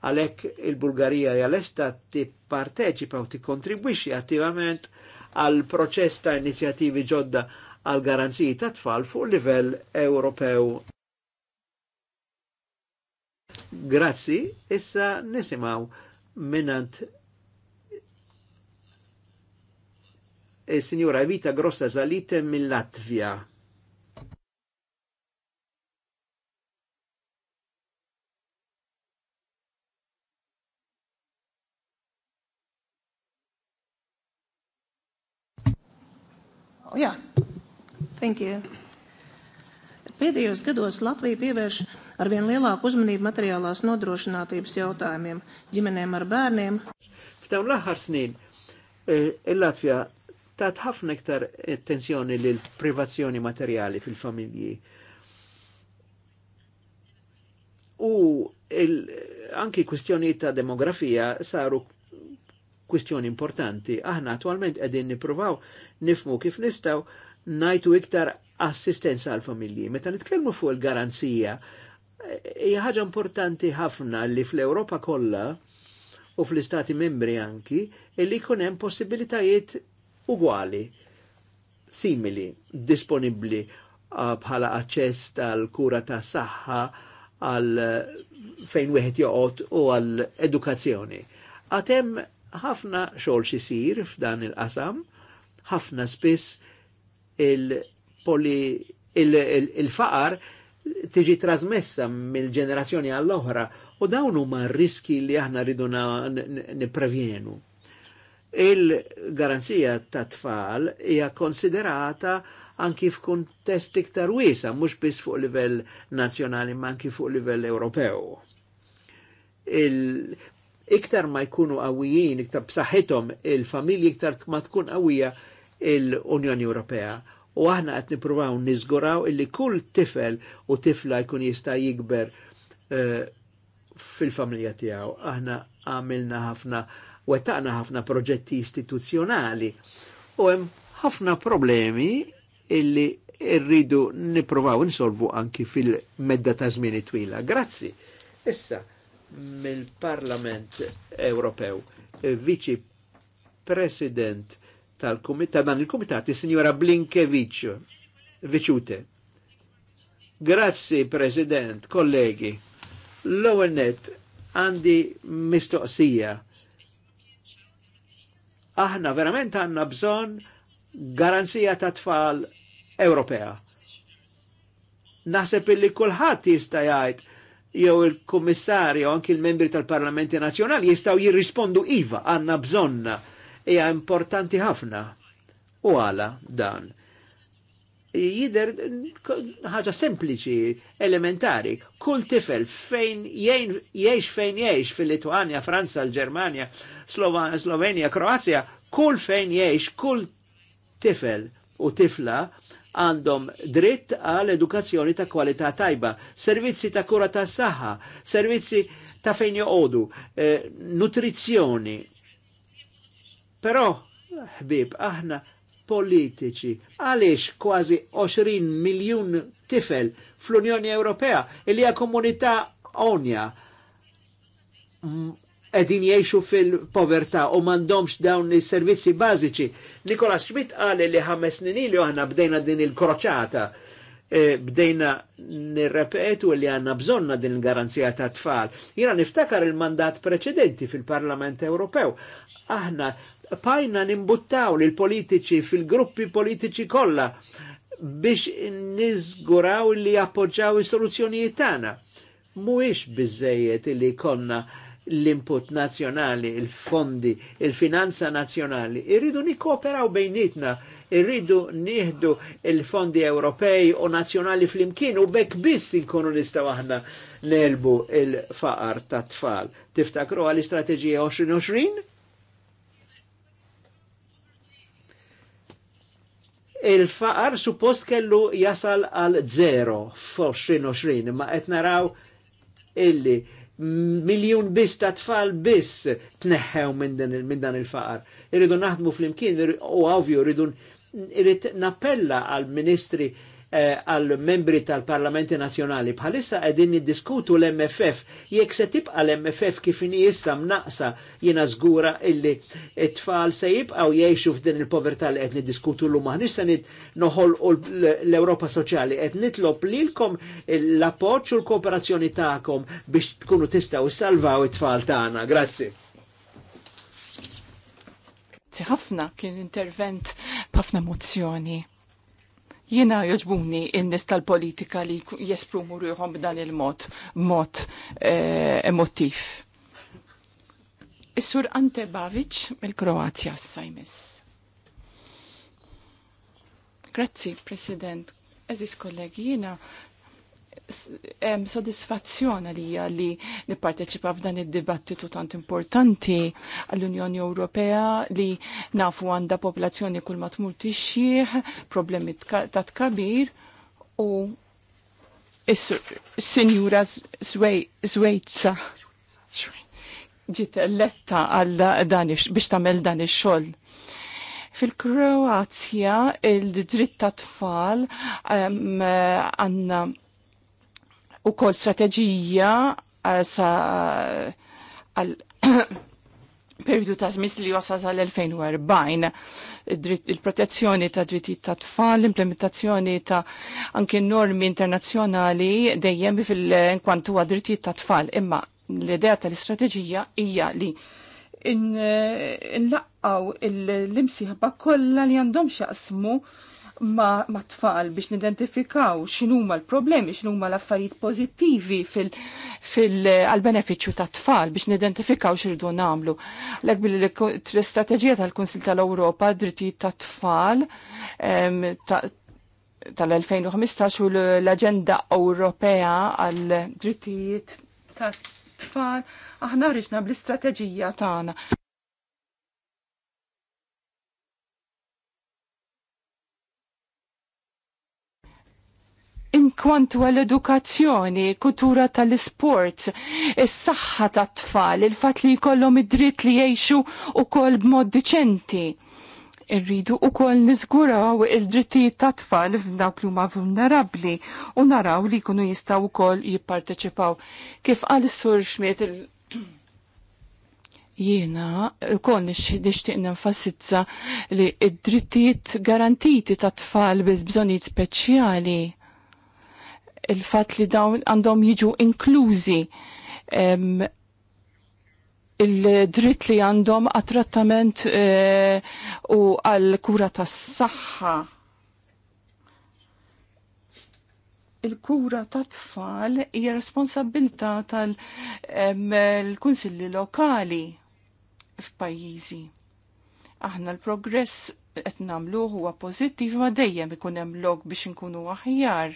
Għalhekk il-Bulgarija l esta tipparteċipa u tikkontribwixxi attivament għal proċess ta' inizjattivi ġodda għal garanziji ta' tfal fuq livell Ewropew. Grazzi, issa nisimaw minant il-Sinjura e Evita Grossa Zalite mill-Latvija. yeah. thank you. Pēdējos gados Latvija pievērš ar vien lielāku uzmanību materiālās nodrošinātības jautājumiem ģimenēm ar bērniem. F'dawn l-aħħar snin il-Latvja e, e, tat ħafna iktar attenzjoni lil privazzjoni materjali fil-familji. U anki kustjoni ta' demografija saru kwistjoni importanti. Aħna attualment qegħdin nippruvaw nifmu kif nistgħu najtu iktar assistenza għal familji. Meta nitkellmu fuq il-garanzija, hija ħaġa importanti ħafna li fl-Ewropa kollha u fl-istati membri anki li jkun hemm possibilitajiet ugwali, simili, disponibbli ah, bħala aċċess tal-kura tas saħħa għal fejn wieħed joqgħod u għal edukazzjoni. Għatem ħafna xogħol xisir f'dan il-qasam, ħafna spiss il-faqar tiġi trasmessa mill-ġenerazzjoni għall-oħra u dawn huma riski li aħna rridu niprevjenu. Il-garanzija ta' tfal hija konsiderata anki f'kuntest iktar wiesa, mhux biss fuq livell nazzjonali, ma anki fuq livell Ewropew iktar ma jkunu għawijin, iktar b'saħħithom il-familji, iktar ma tkun għawija l unjoni Ewropea. U aħna qed nippruvaw niżguraw illi kull tifel u tifla jkun jista' jikber eh, fil-familja tiegħu. Aħna għamilna ħafna wettaqna ħafna proġetti istituzzjonali u hemm ħafna problemi illi rridu nippruvaw insolvu anki fil-medda ta' żmieni twila. Grazzi. Issa, mill-Parlament Ewropew, viċi president tal-Kumitat, dan il-Kumitat, il signora Blinkevich, Viċute. Grazzi, President, kollegi. L-ONET għandi mistoqsija. Aħna verament għanna bżon garanzija ta' tfal Ewropea. Naħseb illi kulħadd jista' jgħid jew il-kommissarju anki il-membri tal-Parlamenti Nazzjonali jistaw jirrispondu iva għanna bżonna hija importanti ħafna u għala dan. Jider ħaġa sempliċi, elementari, kull tifel fejn jgħix fejn jgħix fil-Lituania, Franza, l-Germania, Slovenja, Kroazja, kull fejn jgħix, kull tifel u tifla għandhom dritt għal edukazzjoni ta' kwalità tajba, servizzi ta' kura ta' saħħa, servizzi ta' fejn joqogħdu, eh, nutrizzjoni. Però, ħbib, aħna politiċi, għaliex kważi 20 miljun tifel fl-Unjoni Ewropea, li hija komunità onja edin jiexu fil-povertà u mandomx dawn is servizzi bażiċi. Nikola Schmidt għale li ħames snin għanna bdejna din il-kroċata, e, bdejna nirrepetu li għanna bżonna din il-garanzija ta' tfal. Jina niftakar il-mandat preċedenti fil-Parlament Ewropew. Aħna pajna nimbuttaw li l-politiċi fil-gruppi politiċi kollha biex nizguraw li appoġġaw is-soluzzjonijiet tagħna. Mhuwiex biżejjed li konna l-input nazjonali, il-fondi, il-finanza nazjonali. Irridu nikkooperaw bejnietna, irridu nieħdu il-fondi Ewropej u nazjonali fl-imkien u bekk biss inkunu nistaw aħna nelbu il-faqar ta' tfal. Tiftakru għal-istrateġija 2020? Il-faqar suppost kellu jasal għal zero f'2020, ma qed naraw illi miljun biss ta' tfal biss tneħħew minn dan il-faqar. Irridu naħdmu fl-imkien u għavju irridu irrid nappella għal ministri Eh, għal membri tal-Parlamenti Nazzjonali bħalissa qegħdin jiddiskutu l-MFF jekk se tibqa' l-MFF kif inhi issa mnaqsa jina żgura illi t-tfal se jibqgħu jgħixu f'din il-povertà li qed niddiskutu llum aħna se noħolqu l-Ewropa Soċjali qed nitlob lilkom l-appoġġ u l-kooperazzjoni tagħkom biex tkunu tistgħu salvaw it-tfal tagħna. Grazzi. ħafna kien intervent b'ħafna emozzjoni. Jiena joġbuni n tal-politika li jesprumu ruħom b'dan il-mod, mod eh, emotif. Is-sur Ante Bavic mill-Kroazja s-sajmis. Grazzi, President. Eżis kollegi, jina sodisfazzjon għalija li nipparteċipa f'dan id-dibattitu tant importanti għall-Unjoni Ewropea li nafu għandha popolazzjoni kull ma tmur tixjih, problemi ta' tkabir u s-sinjura Zwejtza ġiet eletta għal dan biex tagħmel dan ix-xogħol. Fil-Kroazja il-dritt ta' tfal għandna um, u kol strategija eh, sa għal periodu ta' zmis li wasa sal-2040 il-protezzjoni ta' drittijiet ta' tfal, l-implementazzjoni ta' anke normi internazzjonali dejjem fil-kwantu għad drittijiet ta' tfal. Imma l-idea tal-istrateġija hija li eh, nlaqqaw l-imsieħba kollha li għandhom xaqsmu ma, ma tfal biex nidentifikaw x'inhuma l-problemi, x'inhuma l-affarijiet pozittivi fil-benefiċċju fil, ta' tfal biex nidentifikaw x'irdu nagħmlu. Lek l istrateġija tal-Kunsil tal-Ewropa drittijiet ta' tfal tal-2015 u l-Aġenda Ewropea għal drittijiet ta' tfal aħna riġna bl-istrateġija tagħna. inkwantu għall-edukazzjoni, kultura tal sports is-saħħa tat-tfal, il-fat li jkollhom id-dritt li jgħixu ukoll b'mod diċenti. Irridu koll niżguraw il-drittijiet tat-tfal f'dawk li huma vulnerabbli u naraw li jkunu jistgħu wkoll jipparteċipaw. Kif qal sur xmiet il- jiena ukoll nixtieq nenfasizza li id-drittijiet garantiti tat-tfal bil-bżonijiet speċjali il-fat li dawn għandhom jiġu inklużi il-dritt li għandhom għat-trattament eh, u għal-kura tas saħħa Il-kura ta' tfal hija responsabilta tal-kunsilli lokali f'pajjiżi. Aħna l-progress qed nagħmluh huwa pożittiv ma dejjem ikun hemm lok biex inkunu aħjar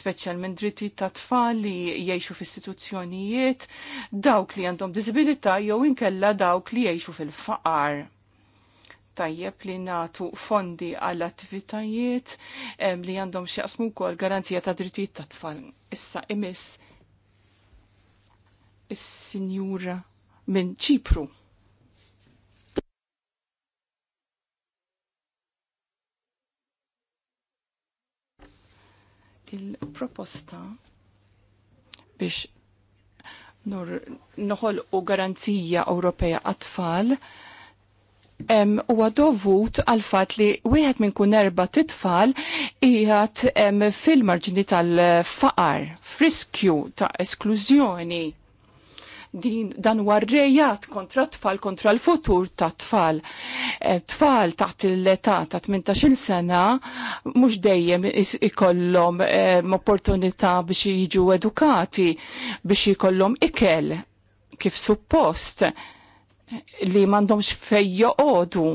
speċjalment drittijiet ta' tfal li jgħixu f'istituzzjonijiet, dawk li għandhom diżibilità jew inkella dawk li jgħixu fil-faqar. Tajjeb li natu fondi għall attivitajiet li għandhom xjaqsmu wkoll garanzija ta' drittijiet ta' tfal. Issa imiss is-sinjura minn Ċipru. il-proposta biex noħol u garanzija Ewropea għat-tfal huwa dovut għal fat li wieħed minn kun erba' titfal qiegħed fil-marġini tal-faqar, friskju ta' esklużjoni din dan huwa rejat kontra tfal kontra l-futur ta' tfal. E, tfal taħt l-età ta' 18 sena mhux dejjem ikollhom e, opportunità biex jiġu edukati biex jikollhom ikel kif suppost li m'għandhomx fej joqogħdu.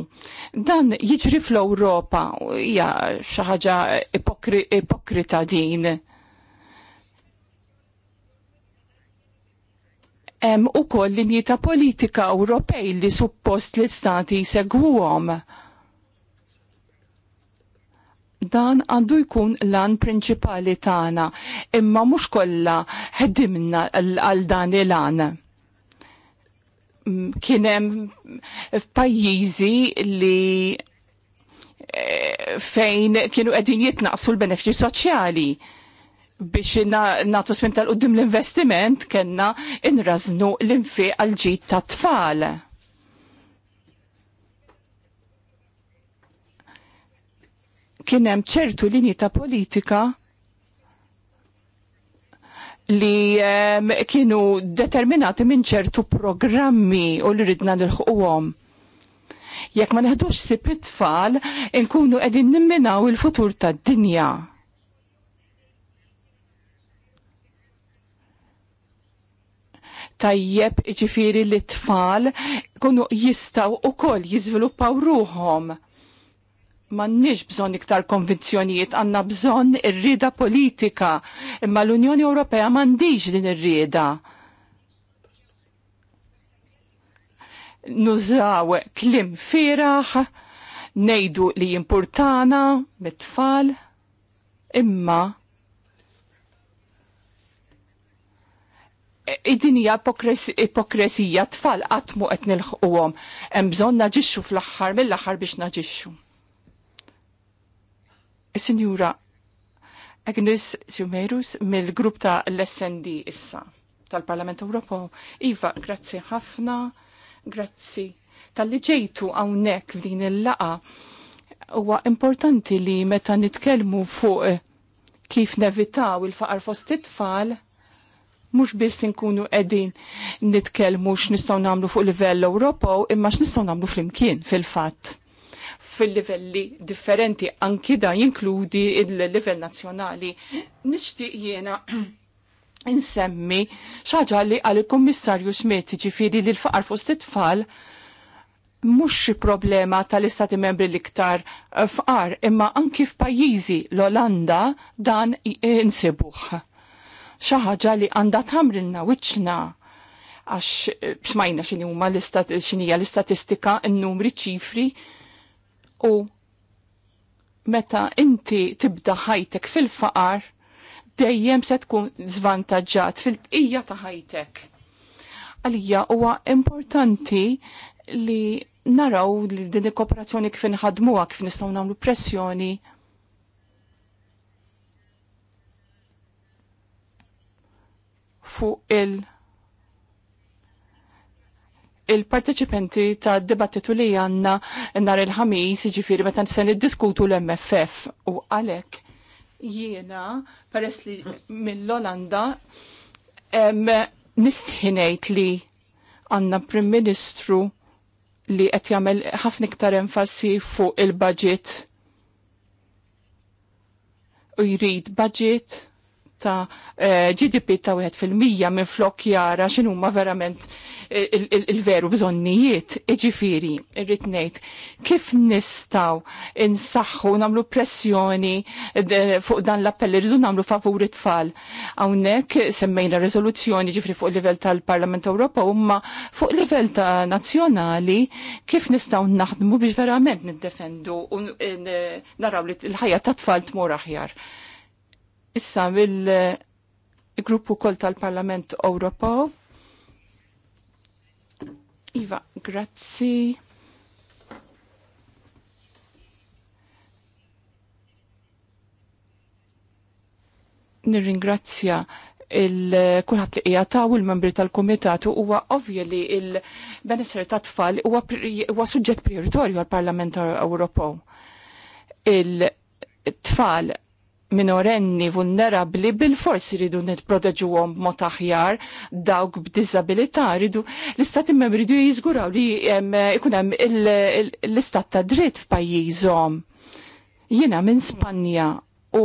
Dan jiġri fl-Europa, hija xi ħaġa ipokrita din Hemm ukoll linji ta' politika Ewropej li suppost li stati jsegwuhom. Dan għandu jkun lan prinċipali tagħna, imma mhux kollha ħdimna għal dan il-għan. Kien hemm pajjiżi li eh, fejn kienu qegħdin jitnaqsu l-benefiċċji soċjali biex natu spin tal-qoddim l-investiment kena inraznu l-infiq għal-ġit ta' tfal. Kienem ċertu linji ta' politika li um, kienu determinati minn ċertu programmi u li ridna nilħuqhom. Jekk ma neħdux sib it-tfal, nkunu qegħdin nimminaw il-futur tad-dinja tajjeb ġifiri li tfal kunu jistaw u koll jizviluppaw ruħom. nix bżon iktar konvinzjonijiet, għanna bżon irrida politika, imma l-Unjoni Ewropea mandiġ din ir Nużaw klim firaħ, nejdu li jimportana, mit-tfal, imma id-dinja ipokresija tfal għatmu qed nilħquhom. Hemm bżonn naġixxu fl-aħħar mill-aħħar biex naġixxu. Sinjura Agnes Siumerus mill-grupp ta' l-SND issa tal-Parlament Ewropew. Iva, grazzi ħafna, grazzi tal-li ġejtu hawnhekk f'din il-laqa. Huwa importanti li meta nitkellmu fuq kif nevitaw il-faqar fost it-tfal, mux biss nkunu edin nitkelmu x'nistgħu nagħmlu fuq livell Ewropew imma x'nistgħu nagħmlu flimkien fil-fatt fil-livelli differenti anki da jinkludi il-livell nazzjonali. Nixtieq jiena insemmi xaġa li għal il-Kummissarju ġifiri li l-faqar fost it-tfal mux problema tal-istati membri liktar eh, fqar imma anki f'pajjiżi l-Olanda dan eh, insibuħ xaħġa ħaġa li għandha tamrilna wiċċna għax eh, smajna xini huma xinija l-istatistika, n-numri ċifri u meta inti tibda ħajtek fil-faqar dejjem se tkun zvantaġġat fil-bqija ta' ħajtek. Għalija huwa importanti li naraw li din il-kooperazzjoni kif inħadmuha kif nistgħu nagħmlu pressjoni fuq il- il-parteċipenti ta' dibattitu li għanna nar il-ħamis, ġifiri, meta se niddiskutu l-MFF u għalek jiena peress li mill-Olanda nistħinajt li għanna Prim Ministru li qed jagħmel ħafna iktar enfasi fuq il-budget u jrid budget ta' eh, GDP ta' 1% minn flok jara x'inhuma verament il-veru bżonnijiet. iġifiri, irrid ngħid kif nistgħu insaħħu nagħmlu pressjoni fuq dan l-appell irridu nagħmlu favuri tfal. Hawnhekk semmejna riżoluzzjoni ġifri fuq livell tal-Parlament Ewropew imma fuq livell ta' nazzjonali kif nistgħu naħdmu biex verament niddefendu u naraw li l-ħajja ta' tfal tmur aħjar. Issa mill-gruppu kol tal-Parlament Ewropew. Iva, grazzi. Nirringrazzja il-kulħat li qiegħata u l-membri tal-kumitatu huwa ovvja li l benessir ta' tfal huwa suġġett prioritorju għal-Parlament Ewropew. Il-tfal minorenni vulnerabli bil forsi ridu nitproteġuhom b'mod aħjar dawk b'diżabilità ridu l-istati membri ridu jizguraw li ikunem hemm l-istat ta' dritt f'pajjiżhom. Jiena minn Spanja u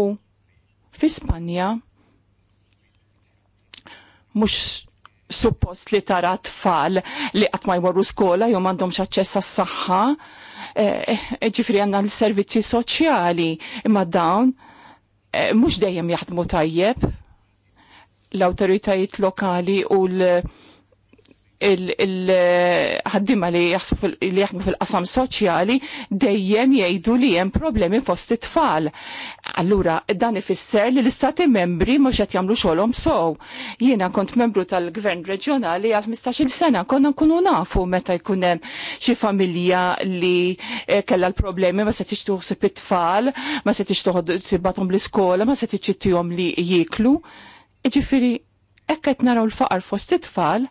fi Spanja mhux suppost li tara tfal li qatt ma jmorru skola jew m'għandhomx xaċċessa s saħħa eh, eh, ġifri għandna l-servizzi soċjali imma dawn Eh, mhux dejjem jaħdmu tajjeb l-awtoritajiet lokali u l- il-ħaddima li jaħdmu fil-qasam soċjali dejjem jgħidu li hemm problemi fost it-tfal. Allura, dan ifisser li l-istati membri mhux qed jagħmlu xogħolhom sow. Jiena kont membru tal-Gvern Reġjonali għal 15-il sena konna nkunu nafu meta jkun hemm xi familja li eh, kellha l-problemi ma setix tuħsib it-tfal, ma setix sibathom l-iskola, ma setix ittihom li jieklu. Ġifieri, hekk qed naraw l-faqar fost it-tfal,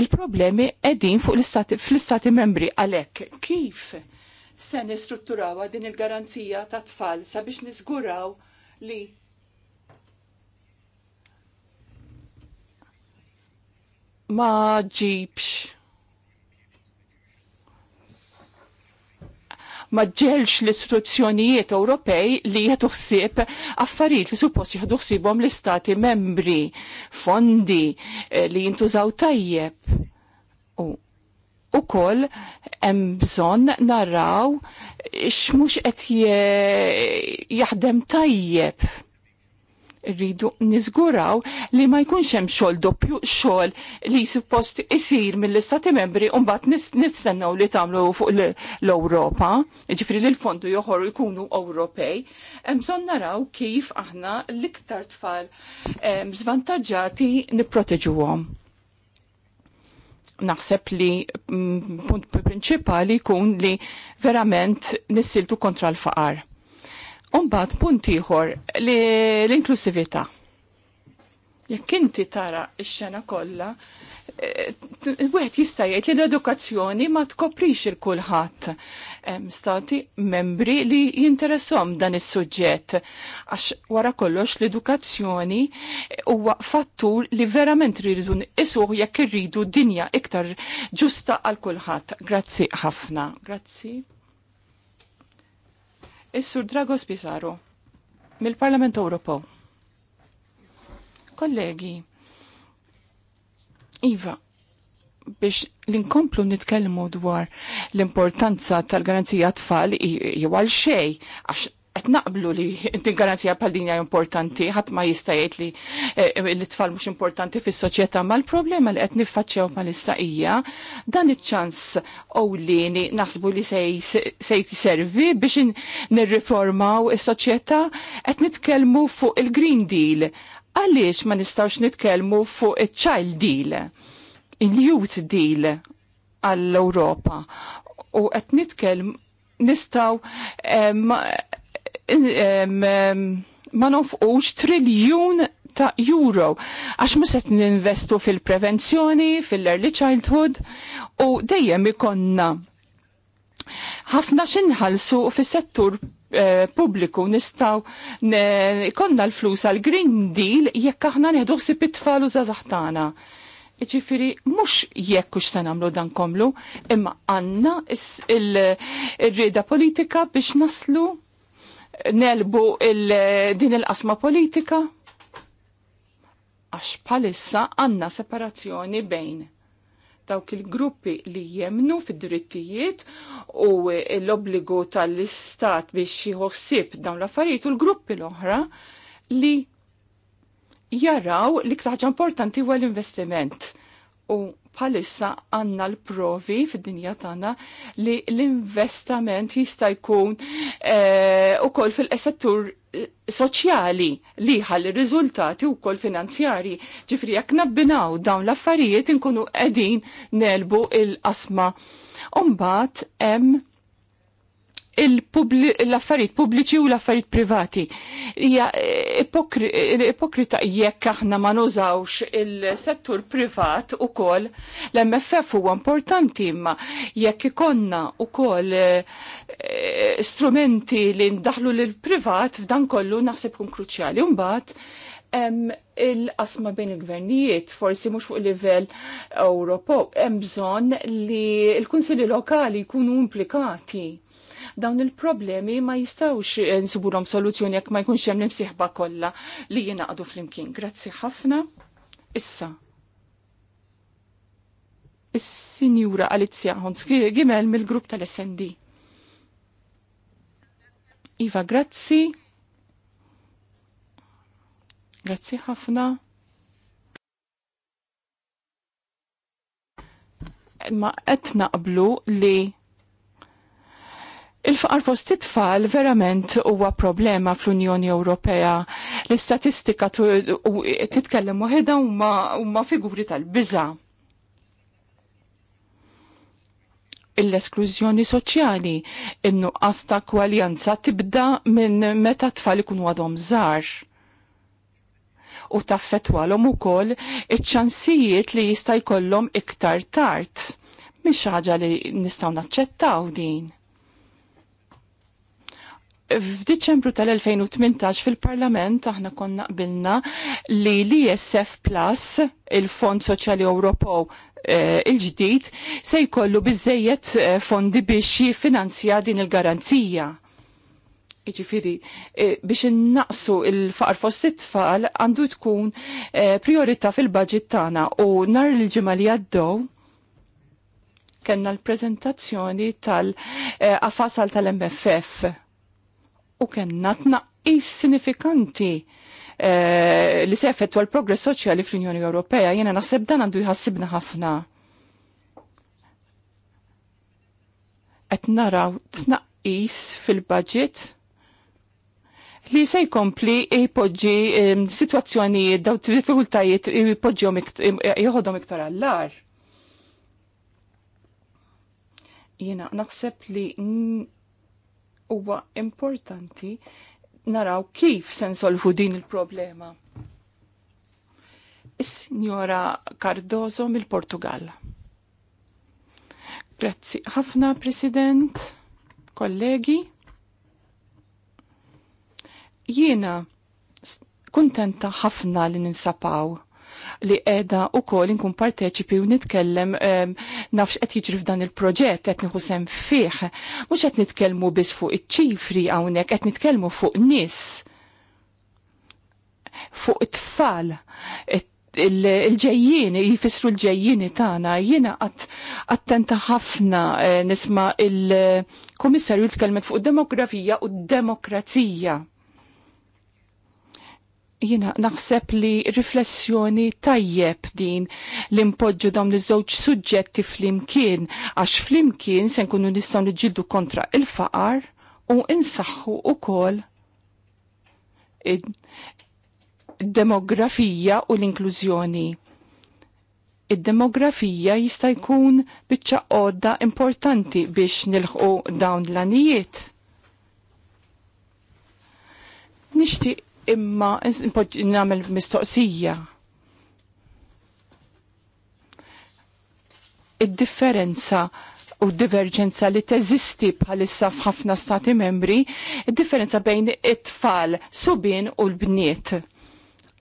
il-problemi edin fuq l-istati membri għalek kif se nistrutturaw din il-garanzija ta' tfal sabiex nizguraw li ma ġibx ma ġelx l-istituzzjonijiet Ewropej li ħsieb affarijiet li suppost jieħdu ħsibhom l-istati membri, fondi eh, li jintużaw tajjeb. U u koll hemm bżonn naraw eh, x'mhux qed jaħdem tajjeb rridu niżguraw li ma jkunx hemm xogħol doppju xogħol li suppost isir mill-istati membri u mbagħad nistennew li tagħmlu fuq l-Ewropa, ġifri li l-fondu joħor ikunu Ewropej, hemm bżonn naraw kif aħna l-iktar tfal żvantaġġati nipproteġuhom. Naħseb li punt prinċipali jkun li verament nissiltu kontra l-faqar Umbat punt ieħor li l-inklusività. Jekk inti tara x-xena kollha, eh, wieħed jista' jgħid li l-edukazzjoni ma tkoprix il kulħadd hemm stati membri li jinteressom dan is-suġġett għax wara kollox l-edukazzjoni huwa fattur li verament rridu isuh jekk irridu dinja iktar ġusta għal kulħadd. Grazzi ħafna. Grazzi. Is-Sur Dragos Pisaru, mill-Parlament Ewropew. Kollegi, Iva, biex l-inkomplu nitkellmu dwar l-importanza tal-garanzija tfal jew għal xej, għax qed naqblu li din garanzija bħal din hija importanti, ħadd ma jista' li eh, l tfal mhux importanti fis-soċjetà, ma l-problema li qed niffaċċjaw l hija dan iċ-ċans ewlieni naħsbu li se servi biex nirriformaw is-soċjetà qed nitkellmu fuq il-Green Deal. Għaliex ma nistgħux nitkellmu fuq il-Child Deal, il-Youth Deal għall-Ewropa u qed nitkellmu nistgħu ma nofqux triljun ta' euro għax ma set ninvestu fil-prevenzjoni, fil-early childhood u dejjem ikonna ħafna xinħalsu fis-settur publiku eh, pubbliku nistaw ikonna l-flus għal Green Deal jekk aħna neħduħ si it-tfal u zazaħtana. Ġifiri, mux jekk ux sanamlu dan komlu, imma għanna il-rida politika biex naslu nelbu il din il-qasma politika? Għax palissa għanna separazzjoni bejn dawk il-gruppi li jemnu fid-drittijiet u l-obbligu tal-istat biex jħossib dawn l-affarijiet u l-gruppi l-oħra li jaraw li ktaħġa importanti huwa l-investiment. U bħalissa għanna l-provi fid-dinja tagħna li l-investament jista' jkun eh, ukoll fil-settur eh, soċjali li ħalli riżultati wkoll finanzjari. Ġifri jak nabbinaw dawn l-affarijiet inkunu qegħdin nelbu il-qasma. Umbat hemm l-affarijiet pubbliċi u l-affarijiet privati. Hija ipokrita jekk aħna ma nużawx il-settur privat ukoll l-MFF huwa importanti imma jekk ikonna ukoll eh, strumenti li ndaħlu lil privat f'dan kollu naħseb kun kruċjali. Mbagħad il-qasma bejn il-gvernijiet, forsi mhux fuq livell Ewropew, hemm bżonn li l kunsilli lokali jkunu implikati dawn il-problemi ma jistawx eh, nsibulhom soluzzjoni jekk ma jkunx hemm l kollha li jingħaqdu flimkien. Grazzi ħafna. Issa. Is-Sinjura Alizja Hons Gimel mill-grupp tal-SND. Iva, grazzi. Grazzi ħafna. ma qed naqblu li Il-faqar fost it-tfal verament huwa problema fl-Unjoni Ewropea. L-istatistika titkellem waħedha huma figuri tal-biża. l-esklużjoni soċjali, in-nuqqas ta' kwaljanza tibda minn meta tfal ikunu għadhom żgħar u taffetwalhom ukoll iċ-ċansijiet li jista' jkollhom iktar tard. Mhix ħaġa li nistgħu naċċettaw din F'Diċembru tal-2018 fil-Parlament aħna konna qbilna li l-ISF Plus, il-Fond Soċjali Ewropew eh, il-ġdid, se jkollu biżejjed eh, fondi biex jifinanzja din il-garanzija. Iġifiri, eh, biex innaqsu il-faqar fost it-tfal għandu tkun priorità fil-budget tagħna u nar il-ġimgħa li għaddew kellna l-preżentazzjoni tal-afasal tal-MFF u kena tnaqqis sinifikanti eh, li se effettwa l-progress soċjali fl-Unjoni Ewropea. Jena naħseb dan għandu jħassibna ħafna. qed naraw tnaqqis fil-budget li se jkompli jpoġġi situazzjonijiet daw diffikultajiet jpoġġihom jieħodhom iktar għallar. Jena Jiena naħseb li huwa importanti naraw kif se nsolvu din il-problema. Is-Sinjora Cardozo mill-Portugal. Grazzi ħafna, President, kollegi. Jiena kuntenta ħafna li ninsapaw li edha u kol inkun parteċipi u nitkellem nafx qed jiġri f'dan il-proġett qed nieħu sem fih. Mhux qed nitkellmu biss fuq iċ-ċifri hawnhekk qed nitkellmu fuq nies fuq it-tfal, il-ġejjini, jifisru l-ġejjini tana, jina attenta ħafna eh, nisma il-komissarju l-kelmet fuq demografija u d demokrazija jina naħseb li riflessjoni tajjeb din li mpoġġu dawn li żewġ suġġetti flimkien għax flimkien se nkunu nistgħu niġġieldu kontra il-faqar u insaħħu ukoll demografija u l-inklużjoni. Id-demografija jista' jkun biċċa qodda importanti biex nilħqu dawn l-anijiet. Nixtieq imma nagħmel mistoqsija. Id-differenza u diverġenza li teżisti bħalissa f'ħafna stati membri, id-differenza bejn it-tfal subin u l-bniet.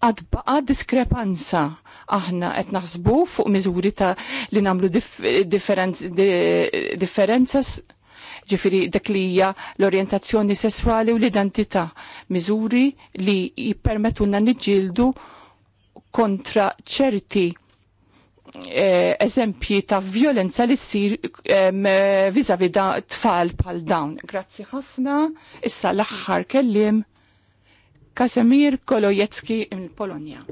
Għad baqa diskrepanza aħna qed naħsbu fuq miżuri ta' li nagħmlu differenza ġifiri dak li hija l-orjentazzjoni sesswali u l-identità, miżuri li jippermettuna niġġieldu kontra ċerti eh, eżempji ta' violenza li ssir vizavi da' tfal pal dawn. Grazzi ħafna, issa l-axħar kellim Kasemir Kolojecki in Polonia.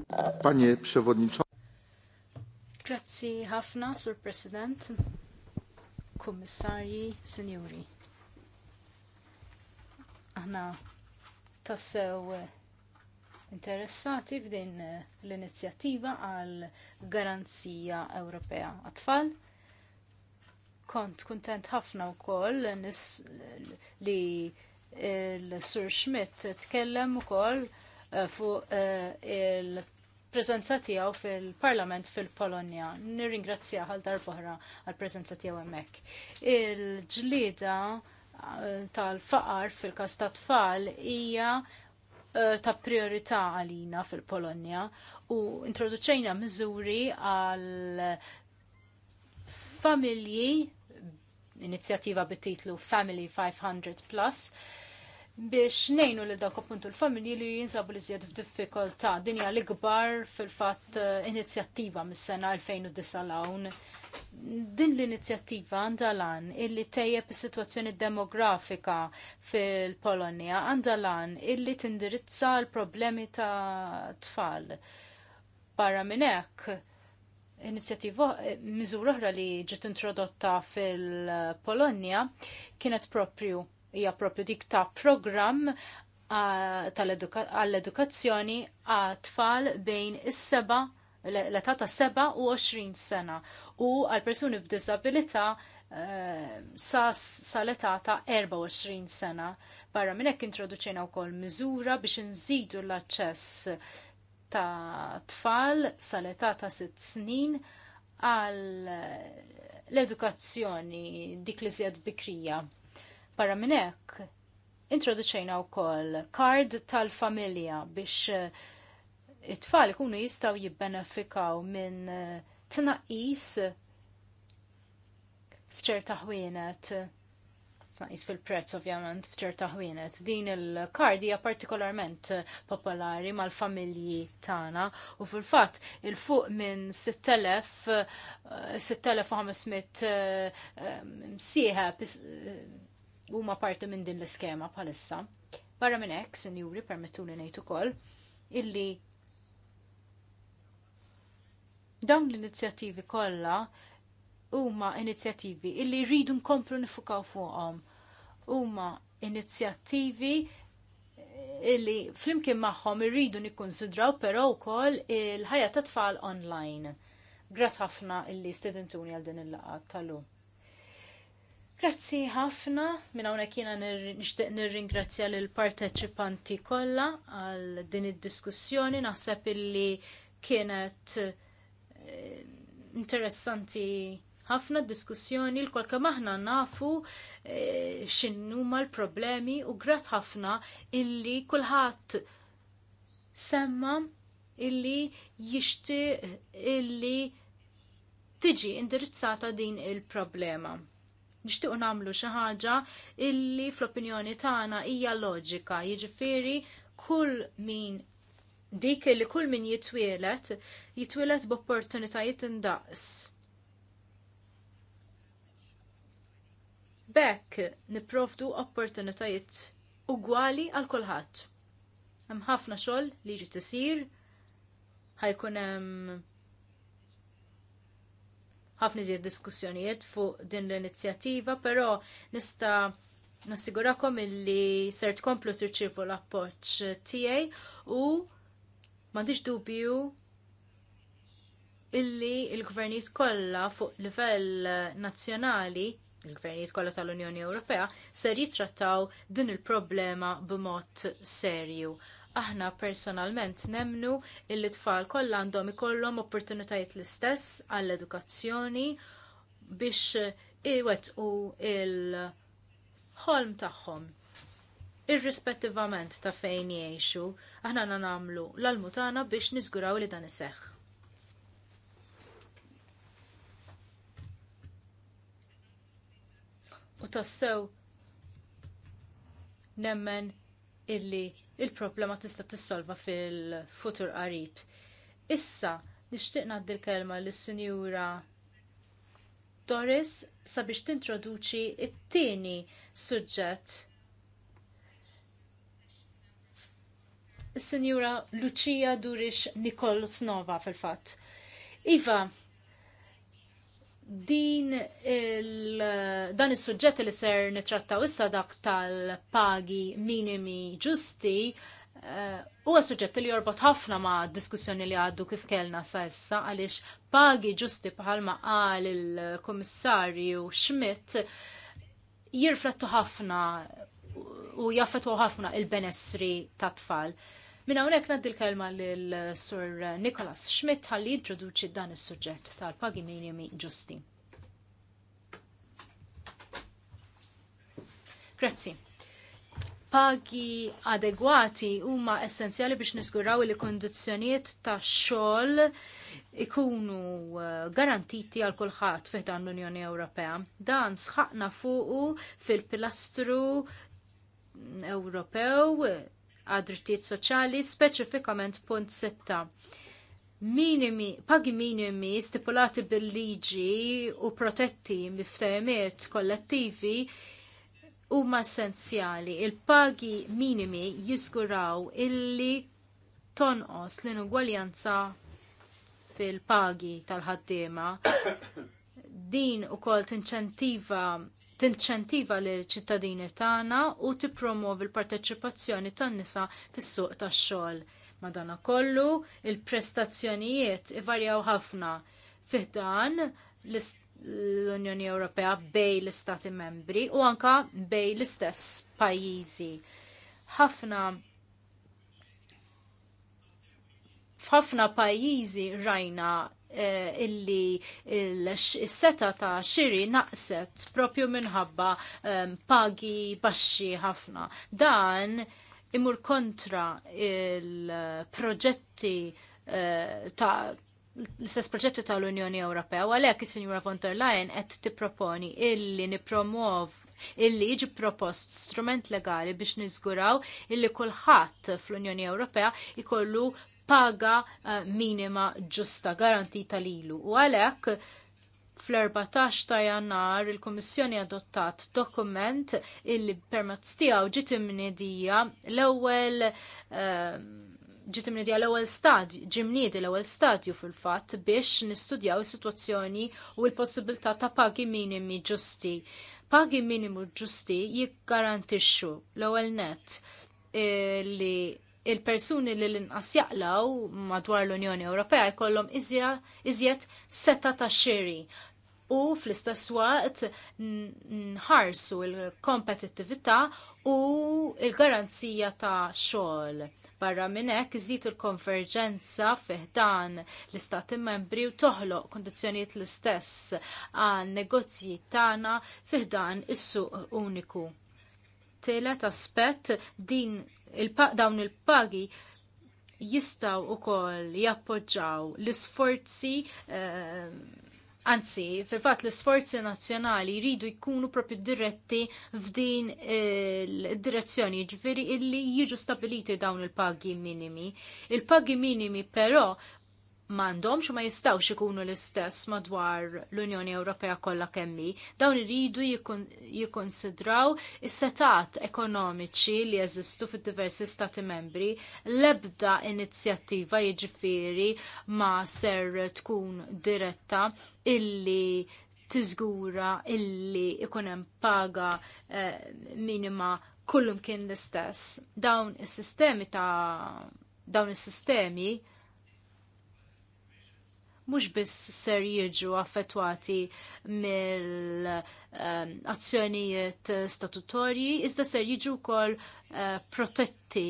Panie Przewodniczący. Grazzi ħafna, Sur President kummissarji, sinjuri. Aħna tassew eh, interessati f'din eh, l-inizjattiva għal Garanzija Ewropea għat-tfal. Kont kuntent ħafna wkoll li eh, l-Sur Schmidt tkellem ukoll fuq il- prezenza tiegħu fil-Parlament fil-Polonja. Nirringrazzja għal darbohra għal prezenza tiegħu hemmhekk. Il-ġlida eh, tal-faqar fil-każ ta' tfal hija eh, ta' priorità għalina fil-Polonja u introduċejna miżuri għal familji inizjattiva bit-titlu Family 500 Plus biex nejnu li dawk appuntu l-familji li jinsabu li zjed f'diffikoltà. Dinja li gbar fil-fatt eh, inizjattiva mis-sena 2009 lawn. Din l-inizjattiva għandalan illi tejjeb is-sitwazzjoni demografika fil-Polonja għandalan illi tindirizza l-problemi ta' tfal. Barra minn hekk, inizjattiva, eh, miżura oħra li ġiet introdotta fil-Polonja kienet propju hija propju dik ta' programm għall-edukazzjoni għat-tfal bejn is-seba l-età ta' 27 sena u għal persuni b'disabilità eh, sa, sa l-età ta' 24 sena. Barra minn hekk introduċejna wkoll miżura biex nżidu l-aċċess ta' tfal sa l-età ta' 6 snin għal l-edukazzjoni dik li żjed bikrija Barra minn hekk, introduċejna wkoll kard tal-familja biex eh, it-tfal ikunu jistgħu jibbenefikaw minn eh, tnaqis fċerta ħwienet tnaqqis fil-prezz ovvjament fċerta ħwienet. Din il-kard hija partikolarment eh, popolari mal-familji tagħna u fil-fatt il-fuq minn 6500 uh, sieħeb huma parti minn din l-iskema bħalissa. Barra minn hekk, sinjuri, permettuli ngħid ukoll illi dawn l-inizjattivi kollha huma inizjattivi illi rridu nkomplu nifukaw fuqhom. Huma inizjattivi illi flimkien magħhom irridu nikkonsidraw però wkoll il-ħajja ta' tfal online. Grat ħafna illi stedintuni għal din il-laqgħa tal-lum. Grazzi ħafna, minn hawnhekk jiena nixtieq nirringrazzja l parteċipanti kollha għal din id-diskussjoni, naħseb illi kienet eh, interessanti ħafna diskussjoni l kolka maħna nafu xinnu eh, x'inhuma l-problemi u grat ħafna illi kulħadd semma illi jixtieq illi tiġi indirizzata din il-problema nixtiequ nagħmlu xi ħaġa illi fl-opinjoni tagħna hija loġika, jiġifieri kull min dik li kull min jitwielet, jitwielet b'opportunitajiet indaqs. Bekk niprofdu opportunitajiet ugwali għal kulħadd. Hemm ħafna xogħol li jiġi tisir, ħajkun hemm ħafna iżjed diskussjonijiet fuq din l-inizjattiva, però nista' nassigurakom illi ser tkomplu tirċivu l-appoġġ tiegħi u m'għandix dubju illi il-gvernijiet kollha fuq livell nazzjonali il-gvernijiet kollha tal-Unjoni Ewropea ser jitrattaw din il-problema b'mod serju Aħna personalment nemnu illi tfal kollha għandhom ikollhom opportunitajiet l-istess għall-edukazzjoni biex iwettqu l ħolm tagħhom. Irrispettivament ta' fejn jgħixu, aħna nagħmlu l-almutana biex niżguraw li dan iseħħ. u tassew nemmen illi il-problema tista' tissolva fil-futur qarib. Issa, nixtieq ngħaddi l-kelma lis-Sinjura Doris sabiex tintroduċi it-tieni suġġett. Is-Sinjura Lucia Durix Nikol Snova fil-fatt. Iva, din il, dan is suġġett li ser nitrattaw issa dak tal-pagi minimi ġusti eh, huwa uh, suġġett li jorbot ħafna ma' diskussjoni li għaddu kif kellna sa' issa għaliex pagi ġusti bħalma qal il-Kummissarju Schmidt jirflettu ħafna u jaffetwa ħafna il-benessri tat-tfal. Min hawnhekk nad il-kelma l-Sur Nicholas Schmidt għalli introduċi dan is suġġett tal-pagi minimi ġusti. Grazzi. Pagi adegwati huma essenzjali biex nisguraw li kondizzjonijiet ta' xogħol ikunu eh, garantiti għal kulħadd fih dan l-Unjoni Ewropea. Dan sħaqna fuqu fil-pilastru Ewropew għad-drittijiet soċjali, speċifikament punt 6. Minimi, pagi minimi stipulati bil-liġi u protetti miftemiet kollettivi huma essenzjali. Il-pagi minimi jiżguraw illi tonqos l-inugwaljanza fil-pagi tal-ħaddiema. Din ukoll tinċentiva tinċentiva lil ċittadini tagħna u tippromovi l-parteċipazzjoni tan-nisa fis-suq tax-xogħol. Madankollu il-prestazzjonijiet ivarjaw ħafna fiħdan l-Unjoni Ewropea bej l-Istati membri u anka bej l-istess pajjiżi. Ħafna f'ħafna pajjiżi rajna Eh, illi il seta ta' xiri naqset propju minħabba ehm, pagi baxxi ħafna. Dan imur kontra il-proġetti eh, ta' l-istess proġetti tal-Unjoni Ewropea, u għalhekk is-Sinjura von der Leyen qed tipproponi illi nippromov illi jiġi propost strument legali biex niżguraw illi kulħadd fl-Unjoni Ewropea ikollu paga eh, minima ġusta garantita lilu. U għalhekk fl-14 ta' jannar il-Kummissjoni adottat dokument illi permezz tiegħu ġiet imnedija l-ewwel eh, ġiet imnedija l-ewwel stadju, ġimniedi l-ewwel stadju fil-fatt biex nistudjaw is-sitwazzjoni u l-possibilità ta' pagi minimi ġusti. Pagi minimu ġusti jikgarantixxu l-ewwel net eh, li il-persuni li l-inqas jaqlaw madwar l-Unjoni Ewropea jkollhom iżjed seta ta' xiri u fl-istess waqt nħarsu il-kompetittività u il-garanzija ta' xogħol. Barra minn hekk iżid il-konverġenza fiħdan l-istati membri u toħloq kondizzjonijiet l-istess għan negozji tagħna fiħdan is-suq uniku. Tielet aspett din dawn il-pagi jistaw u koll jappoġġaw l-sforzi eh, Anzi, fil-fat l-sforzi nazjonali jridu jkunu propju diretti f'din il-direzzjoni, eh, ġveri jiġifieri illi jiġu stabiliti dawn il-pagi minimi. Il-pagi minimi però m'għandhomx u ma jistgħux ikunu l-istess madwar l-Unjoni Ewropea kollha kemmi. Dawn iridu jikkonsidraw is-setat ekonomiċi li jeżistu fid-diversi stati membri l-ebda inizjattiva jiġifieri ma ser tkun diretta illi tiżgura illi ikun hemm paga eh, minima kullum kien l-istess. Dawn is-sistemi ta' dawn is-sistemi mhux biss ser jiġu affettwati mill-azzjonijiet ehm, statutorji, iżda ser jiġu wkoll eh, protetti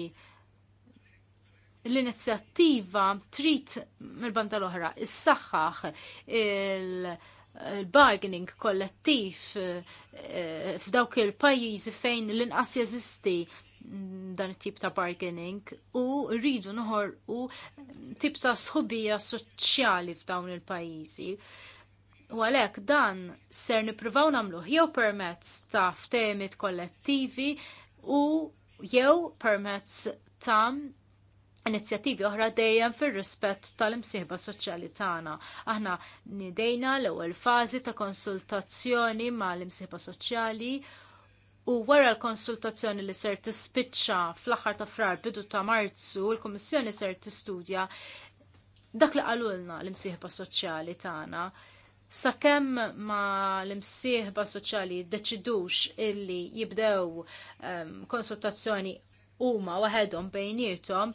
l-inizjattiva trid mill-banda l-oħra issaħħaħ il- bargaining kollettiv eh, f'dawk il-pajjiżi fejn l-inqas jeżisti dan it-tip ta' bargaining u rridu noħor u tip ta' sħubija soċjali f'dawn il-pajjiżi. U għalhekk dan ser nippruvaw nagħmluh jew permezz ta' ftemit kollettivi u jew permezz ta' inizjattivi oħra dejjem fir-rispett tal-imsieħba soċjali tagħna. Aħna nidejna l-ewwel fażi ta' konsultazzjoni mal-imsieħba soċjali U wara l-konsultazzjoni li ser tispiċċa fl-aħħar ta' frar bidu ta' Marzu, l-Kummissjoni ser tistudja dak li qalulna l-imsieħba soċjali tagħna. Sakemm ma l-imsieħba soċjali deċidux illi jibdew um, konsultazzjoni huma waħedhom bejnietom,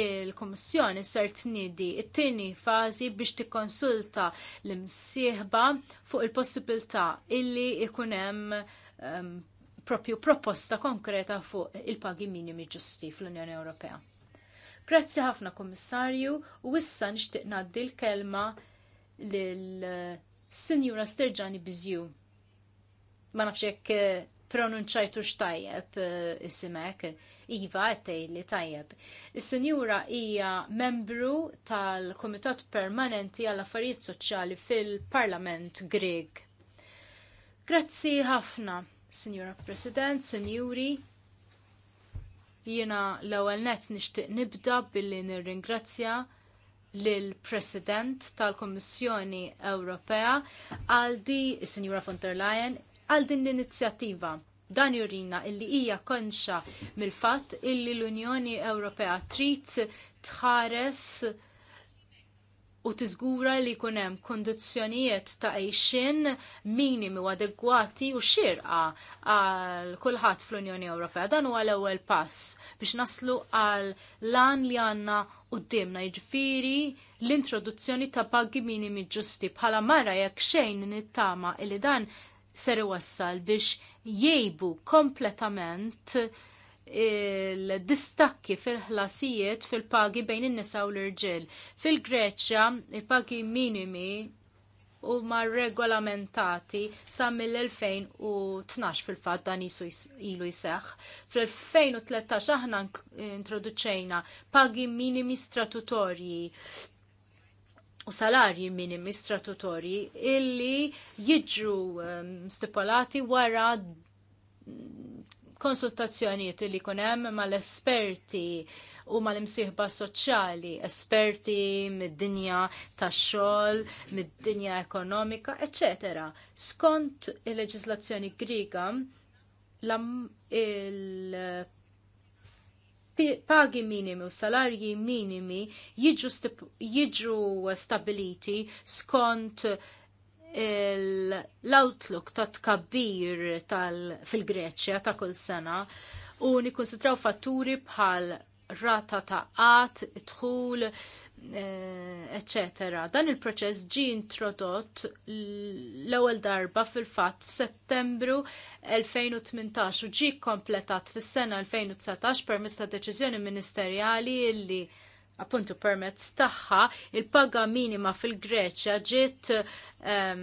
il-Kummissjoni ser tniedi it-tieni fażi biex tikkonsulta l-imsieħba fuq il-possibilità illi ikun hemm um, propju proposta konkreta fuq il-pagi minimi ġusti fl-Unjoni Ewropea. Grazzi ħafna Kummissarju u issa nixtieq ngħaddi l-kelma lil Sinjura Sterġani Bżju. Ma nafx hekk eh, pronunċajtu xtajjeb eh, isimek, Iva għettej li tajjeb. Is-sinjura hija membru tal kumitat Permanenti għall affarijiet Soċjali fil-Parlament Grig. Grazzi ħafna. Signora President, Signori, jiena l-ewwel nett nixtieq nibda billi nirringrazzja lill President tal-Kommissjoni Ewropea għal di Signora von der Leyen għal din l-inizjattiva. Dan jurina illi hija konxa mill-fatt illi l-Unjoni Ewropea trid tħares u tiżgura li jkun hemm kondizzjonijiet ta' għejxin minimi u adegwati u xirqa għal kulħadd fl-Unjoni Ewropea. Dan huwa l-ewwel pass biex naslu għal lan li għandna qudiemna jiġifieri l-introduzzjoni ta' pagi minimi ġusti bħala mara jekk xejn nittama li dan ser iwassal biex jgħibu kompletament il-distakki fil-ħlasijiet fil-pagi bejn in-nisa u l-irġiel. Fil-Greċja, il-pagi minimi huma regolamentati sa mill-2012 fil-fatt dan isu ilu jseħħ. Fil-2013 aħna introduċejna pagi minimi stratutorji u salarji minimi stratutorji illi jiġru ehm, stipulati wara konsultazzjonijiet li jkun hemm mal-esperti u mal-imsieħba soċjali, esperti mid-dinja tax-xogħol, mid-dinja ekonomika, ecc. Skont il-leġislazzjoni griga, il-pagi minimi u salarji minimi jiġu stabiliti skont l-outlook ta' tkabbir fil-Greċja ta' kull sena u nikkonsidraw fatturi bħal rata ta' għat, dħul, eh, etc. Dan il-proċess ġi introdott l-ewwel darba fil-fatt f'Settembru 2018 u ġi kompletat fis-sena 2019 permezz ta' deċiżjoni ministerjali illi appuntu permezz tagħha il-paga minima fil-Greċja ġiet um,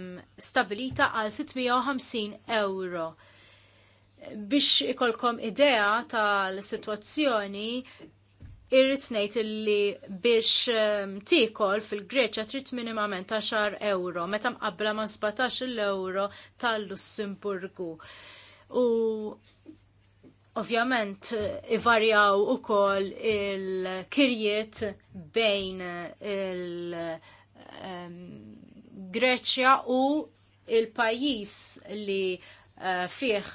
stabilita għal 650 euro. Biex ikolkom idea tal-situazzjoni, irrit ngħid illi biex um, ehm, tikol fil-Greċja trid minimament 10 euro, meta mqabbla ma' 17 euro tal-Lussemburgu. U Ovvjament eh, ivarjaw ukoll il-kirjiet bejn il-Greċja ehm, u il-pajis eh, li fih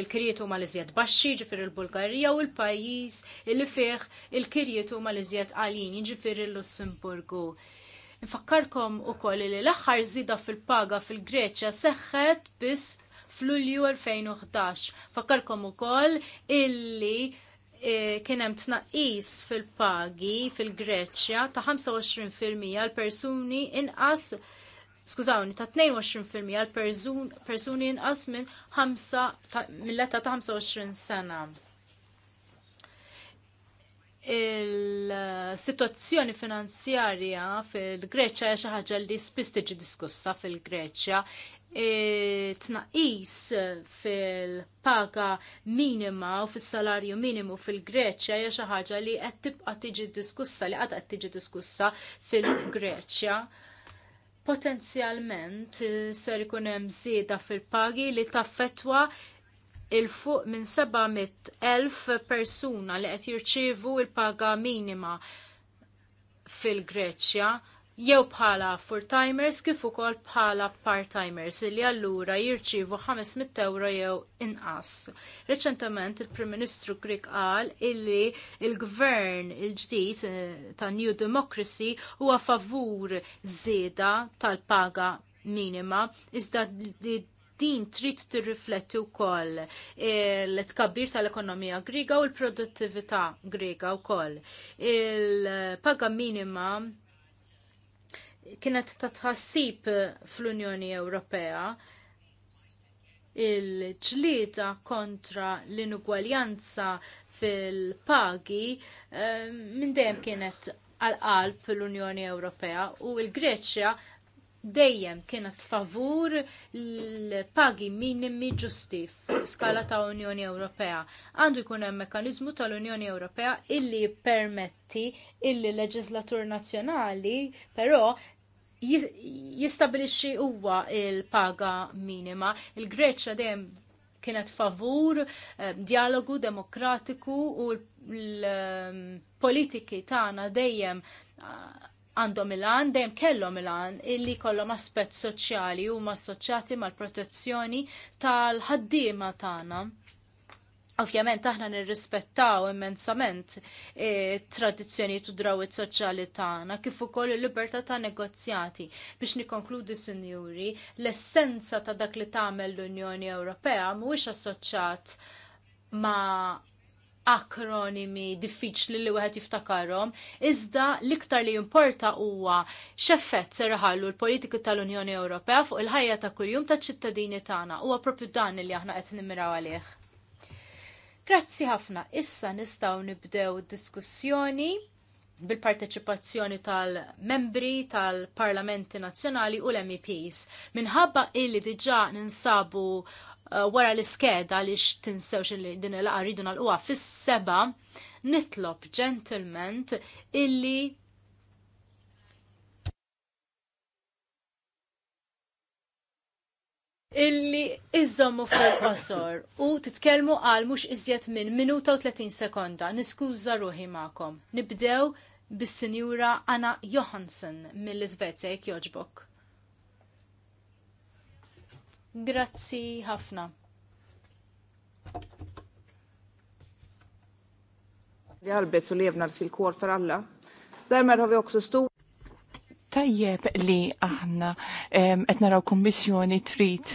il-kirjetu ma iżjed baxxi, ġifir il-Bulgarija, u l-pajis li fih il-kirjetu ma iżjed għalin, ġifir il-Lussemburgu. Nfakkarkom u koll li l-axħar zida fil-paga fil-Greċja seħħet biss f'Lulju 2011. Fakkarkom ukoll illi e, kien hemm tnaqqis fil-pagi fil-Greċja ta' 25% għal persuni inqas skużawni, ta' 22% għal persuni inqas minn mill-letta ta' 25 sena. Il-situazzjoni finanzjarja fil-Greċja hija xi ħaġa li spiss tiġi diskussa fil-Greċja, tnaqis fil-paga minima u fil-salarju minimu fil-Greċja hija xi ħaġa li qed tibqa' tiġi diskussa li qatt qed tiġi diskussa fil-Greċja. Potenzjalment eh, ser ikun hemm żieda fil-pagi li taffetwa il-fuq minn 700,000 persuna li qed jirċievu l paga minima fil-Greċja jew bħala full-timers kif ukoll bħala part-timers li allura jirċievu 500 euro jew inqas. Reċentement il-Prim Ministru Grik qal illi il-gvern il-ġdid eh, ta' New Democracy huwa favur żieda tal-paga minima iżda li din trid tirrifletti wkoll eh, l-tkabbir tal-ekonomija griega u l-produttività griega wkoll. Il-paga minima kienet ta' tħassib fl-Unjoni Ewropea il-ġlida kontra l-inugwaljanza fil-pagi eh, minn dejjem kienet għal-qalb l unjoni Ewropea u l-Greċja dejjem kienet favur l-pagi minimi ġusti skala ta' Unjoni Ewropea. Għandu jkun hemm mekkaniżmu tal-Unjoni Ewropea illi permetti illi leġislatur nazzjonali però jistabilixxi huwa il-paga minima. il greċa dejjem kienet favur eh, dialogu demokratiku u l-politiki tagħna dejjem eh, għandhom il-għan, dejjem kellhom il-għan illi kollhom aspett soċjali huma assoċjati mal-protezzjoni tal-ħaddiema tagħna. Ovvjament aħna nirrispettaw immensament eh, tradizzjoni u drawit soċjali tagħna kif ukoll il-libertà ta' negozjati. Biex nikkonkludi sinjuri, l-essenza ta' dak li tagħmel l-Unjoni Ewropea mhuwiex assoċjat ma' akronimi diffiċli li wieħed jiftakarhom, iżda l-iktar li importa huwa x'effett se raħallu l-politika tal-Unjoni Ewropea fuq il-ħajja ta' kuljum taċ-ċittadini tagħna. Huwa proprju dan li aħna qed nimmiraw għalih. Grazzi ħafna. Issa nistaw nibdew diskussjoni bil-parteċipazzjoni tal-membri tal-parlamenti nazzjonali u l-MEPs. Minħabba illi diġa ninsabu uh, wara l-iskeda li tinsewx li din il-laqa rridu nal fis-seba, nitlob gentlemen illi illi iżommu fil-qosor u titkellmu għal mhux iżjed minn minuta u 30 sekonda. Niskuża ruħi magħkom. Nibdew bis-Sinjura Anna Johansson mill-Iżvezja jekk joġbok. Grazzi ħafna. arbets och levnadsvillkor för alla. Därmed har vi också stor tajjeb li aħna qed naraw kummissjoni trid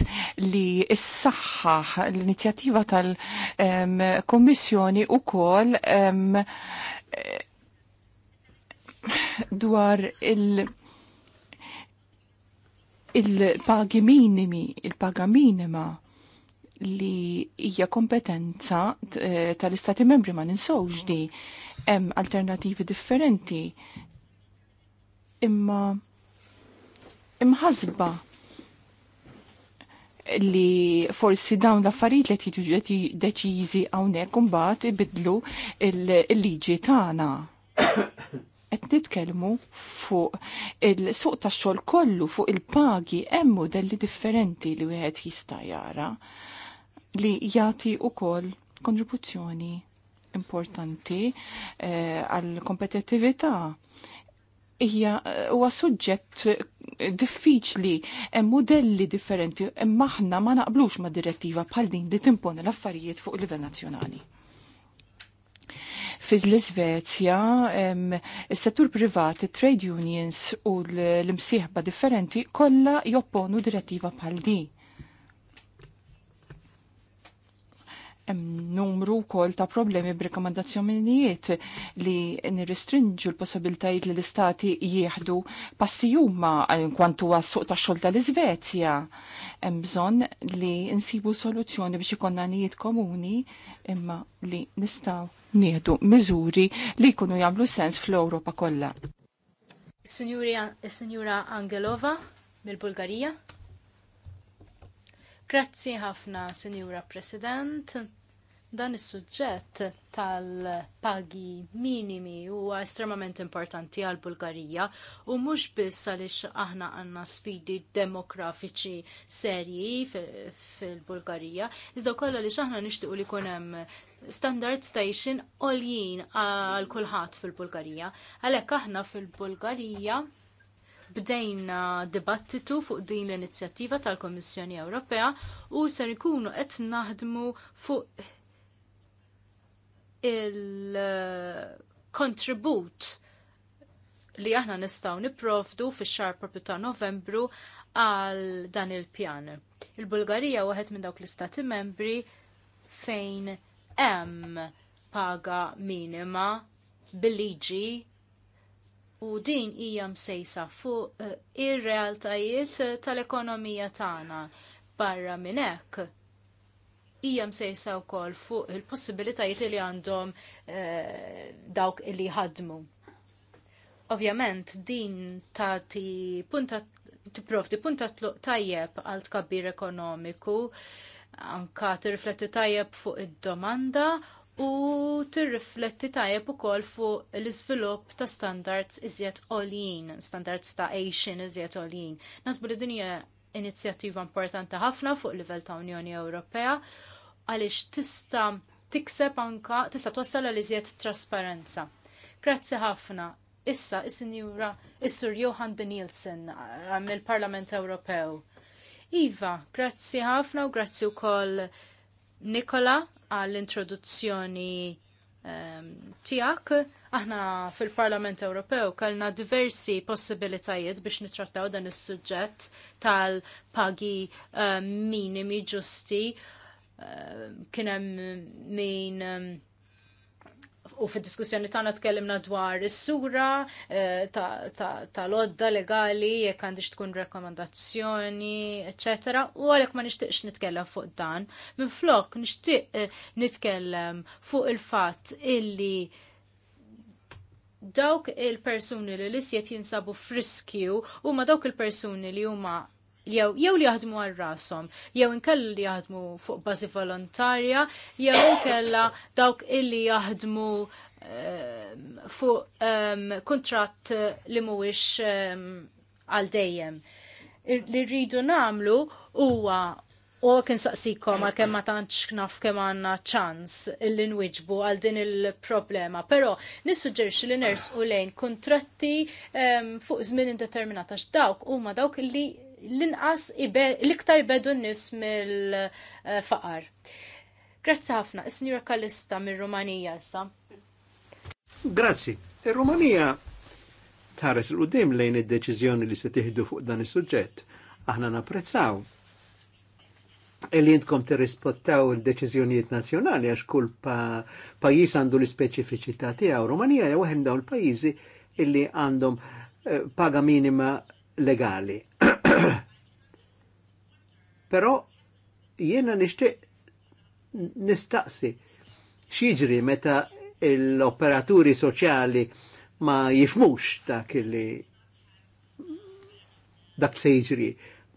li s-saħħaħ l-inizjattiva tal-kummissjoni ukoll dwar il- il-pagi minimi, il-paga minima li hija kompetenza eh, tal-istati membri ma ninsowx di hemm alternativi differenti imma imħazba li forsi dawn l-affarijiet li tiġu deċiżi hawnhekk imbagħad ibidlu il-liġi tagħna. Qed nitkellmu fuq il-suq tax-xogħol kollu fuq il-pagi hemm modelli differenti li wieħed jista' jara li jagħti wkoll kontribuzzjoni importanti eh, għal kompetittività hija huwa suġġett eh, diffiċli hemm modelli differenti imma aħna ma naqblux ma' direttiva bħal din li timponi l-affarijiet fuq livell nazzjonali. Fiż l-Svezja, is-settur privat, trade unions u l-imsieħba differenti kollha jopponu direttiva bħal din hemm numru wkoll ta' problemi b'rekomandazzjonijiet li nirristrinġu l-possibilitajiet li l-istati jieħdu passi huma kwantu għas-suq tax-xogħol tal-Iżvezja. Hemm bżonn li nsibu soluzzjoni biex ikonna nijiet komuni imma li nistgħu nieħdu miżuri li jkunu jagħmlu sens fl-Ewropa kollha. Eh, signora Angelova mill-Bulgarija. Grazzi ħafna, Signora President dan is-suġġett tal-pagi minimi huwa estremament importanti għal Bulgarija u mhux biss għaliex aħna għandna sfidi demografiċi serji fil-Bulgarija, iżda wkoll għaliex aħna nixtiequ li jkun hemm standard station għoljien għal kulħadd fil-Bulgarija. Għalhekk aħna fil-Bulgarija bdejna dibattitu fuq din l-inizjattiva tal-Kommissjoni Ewropea u ser ikunu qed naħdmu fuq il-kontribut li aħna nistaw niprofdu fi xar propju ta' novembru għal dan il-pjan. Il-Bulgarija waħed minn dawk l-istati membri fejn hemm paga minima bil-liġi u din hija msejsa fuq eh, ir-realtajiet tal-ekonomija tagħna. Barra minn hekk hija msejsa wkoll fuq il-possibilitajiet li għandhom eh, dawk li ħadmu. Ovvjament din tagħti punta tipprovdi punta tluq tajjeb għal tkabbir ekonomiku, anka tirrifletti tajjeb fuq id-domanda u tirrifletti tajjeb ukoll fuq l-iżvilupp ta' standards iżjed għoljin, standards ta' għejxin iżjed għoljin. Nasbu li dinja inizjattiva importanti ħafna fuq livell ta' Unjoni Ewropea għaliex tista' tikseb anka tista' twassal għal iżjed trasparenza. Grazzi ħafna. Issa is-Sinjura is-Sur Johan de Nielsen mill-Parlament Ewropew. Iva, grazzi ħafna u grazzi wkoll Nikola għall-introduzzjoni um, Aħna fil-Parlament Ewropew kellna diversi possibilitajiet biex nitrattaw dan is-suġġett tal-pagi eh, minimi ġusti. Eh, kien hemm min eh, u fid diskussjoni tagħna tkellimna dwar is-sura tal-odda legali jekk għandix tkun rekomandazzjoni, etc. U għalhekk ma nixtieqx nitkellem fuq dan. Minflok nixtieq nitkellem fuq il-fatt illi dawk il-persuni li l-isjet jinsabu friskju u ma dawk il-persuni li huma jew jew li jaħdmu għal rasom, jew inkella li jaħdmu fuq bażi volontarja, jew inkella dawk illi jaħdmu um, fuq um, ehm, kontratt li mhuwiex ehm, għal um, dejjem. Li rridu namlu huwa U kien saqsikom għal kemm ma tantx naf kemm għandna ċans illi nwiġbu għal din il-problema. Però nissuġġerixi li ners u lejn kontratti ehm, fuq żmien indeterminata x'dawk huma dawk li l-inqas l-iktar ibedu n-nies mill-faqar. Grazzi ħafna, is-Sinjura Kalista mir-Rumanija issa. Grazzi. Ir-Rumanija tħares l-qudiem lejn id-deċiżjoni li se tieħdu fuq dan is-suġġett. Aħna napprezzaw li jintkom t-rispottaw il deċizjoniet nazjonali għax kull pa, pajis għandu l-speċifiċità tiegħu. Rumanija hija waħed dawn il-pajjiżi illi għandhom eh, paga minima legali. Però jiena nixtieq nistaqsi x'jiġri meta l-operaturi soċjali ma jifmux dak li dak se jiġri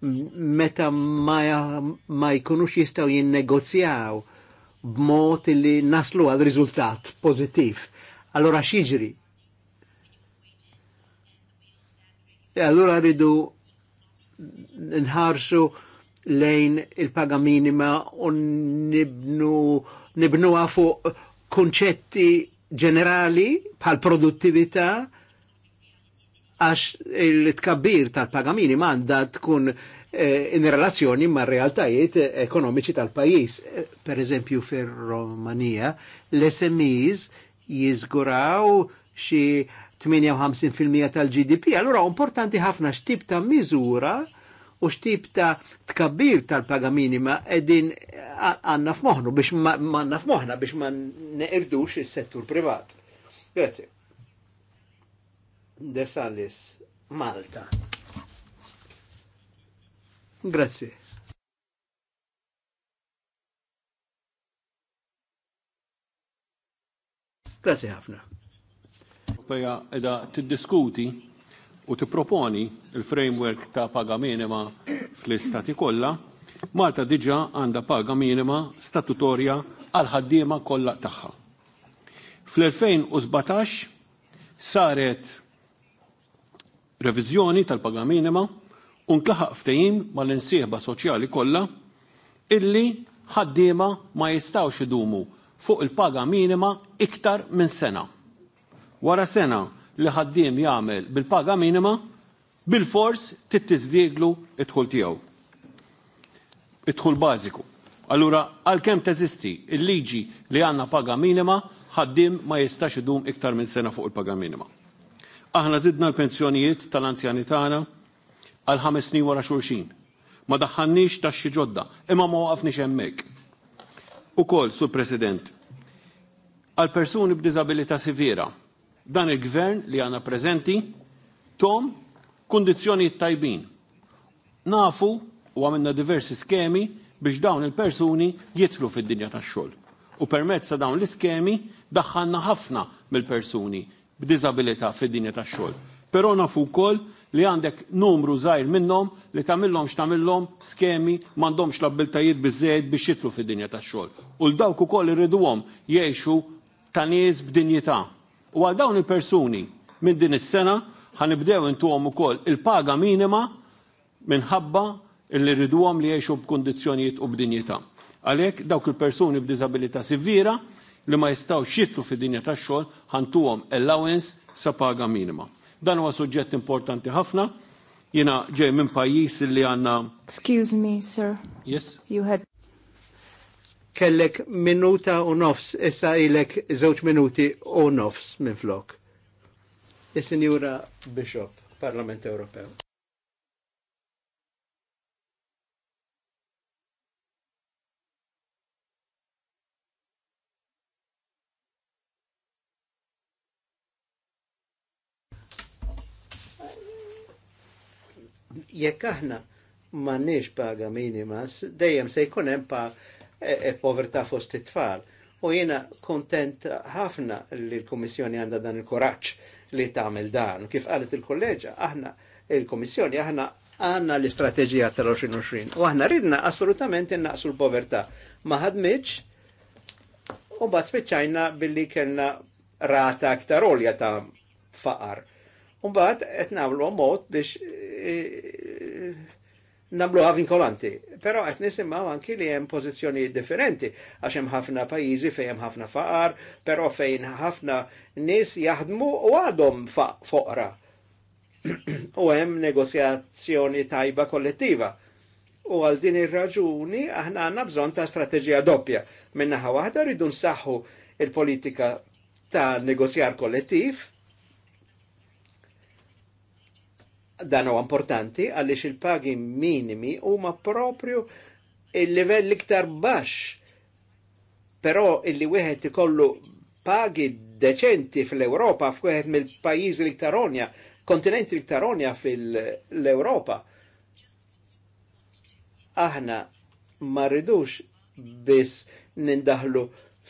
meta ma, ma jkunux jistaw jinnegozjaw b'mod li naslu għal riżultat pozittiv. Allora x'jiġri? E allora rridu nħarsu lejn il-paga minima u nibnu nibnu għafu konċetti ġenerali bħal produttività għax il-tkabbir tal-pagamini manda tkun in relazzjoni ma' realtajiet ekonomiċi tal-pajis. Per eżempju, fir romania l-SMEs jizguraw xi 58% tal-GDP. Allora, importanti ħafna x'tip ta' miżura u x'tip ta' tkabbir tal-paga minima edin għanna f'moħnu biex ma għanna f'moħna biex ma neqirdux is-settur privat. Grazie. De Salis, Malta. Grazie. Grazie ħafna. Pega edha tiddiskuti u tipproponi il-framework ta' paga minima fl-istati kollha, Malta diġa għandha paga minima statutorja għal ħaddiema kollha tagħha. Fl-2017 saret reviżjoni tal-paga minima u nklaħaq ftejim mal-insieħba soċjali kollha illi ħaddiema ma jistgħux idumu fuq il-paga minima iktar minn sena. Wara sena li ħaddim jagħmel bil-paga minima bil-fors tittiżdieglu id-dħul tiegħu. Id-dħul bażiku. Allura, għal-kem teżisti il-liġi li għanna paga minima ħaddim ma jistax idum iktar minn sena fuq il-paga minima. Aħna zidna l-pensjonijiet tal-anzjani tagħna għal ħames snin wara xulxin. Ma daħħannix taxxi ġodda, imma ma waqafniex hemmhekk. Ukoll, Sur President, għal persuni b'diżabilità sivira, dan il-gvern li għana preżenti tom kondizjoni tajbin. Nafu u għamilna diversi skemi biex dawn il-persuni jitlu fid-dinja tax-xogħol. U permezz ta' dawn l-iskemi daħħalna ħafna mill-persuni b'diżabilità fid-dinja tax-xogħol. Però nafu wkoll li għandek numru żgħir minnhom li tagħmilhom x'tagħmilhom skemi m'għandhomx l-abbiltajiet biżejjed biex jitlu fid-dinja tax-xogħol. U l dawk ukoll irriduhom jgħixu ta' nies b'dinjità. U għal dawn il-persuni minn din is-sena ħanibdew intuhom ukoll il-paga minima minħabba illi rriduhom li jgħixu b'kundizzjonijiet u b'dinjità. Għalhekk dawk il-persuni b'diżabilità sivvira li ma jistaw jitlu fid-dinja tax-xogħol ħantuhom allowance sa paga minima. Dan huwa suġġett importanti ħafna. Jiena ġej minn pajjiż li għandna. Excuse me, sir. Yes. You had kellek minuta u nofs, issa ilek żewġ minuti u nofs minn flok. Is-Sinjura Bishop, Parlament Ewropew. Jekk aħna m'għandniex paga minimas, dejjem se jkun hemm pa e, e povertà fost it-tfal. U jiena kontent ħafna li l-Kummissjoni għandha dan il-kuraġġ li tagħmel dan. Kif qalet il-kolleġa, aħna il-Kummissjoni aħna għanna l-istrateġija tal-2020. U aħna ridna assolutament innaqsu l-povertà. Ma ħadmitx u bat spiċċajna billi kellna rata aktar olja ta' faqar. Umbat qed nagħmlu mod biex Eh, namluħa vinkolanti. però qed nisimgħu anki li hemm pożizzjonijiet differenti, għax hemm ħafna pajjiżi fejn hemm ħafna faqar, però fejn ħafna nies jaħdmu u għadhom foqra. u hemm negozjazzjoni tajba kollettiva. U għal din ir-raġuni aħna għandna bżonn ta' strateġija doppja. Minnaħa waħda rridu nsaħħu il-politika ta' negozjar kollettiv, dan huwa importanti għaliex il-pagi minimi huma propju il-livell iktar baxx. Però illi wieħed ikollu pagi deċenti fl-Europa, f'wieħed mill pajjiż l-iktar onja, kontinent l-iktar onja fil-Europa. Aħna ma rridux biss nindaħlu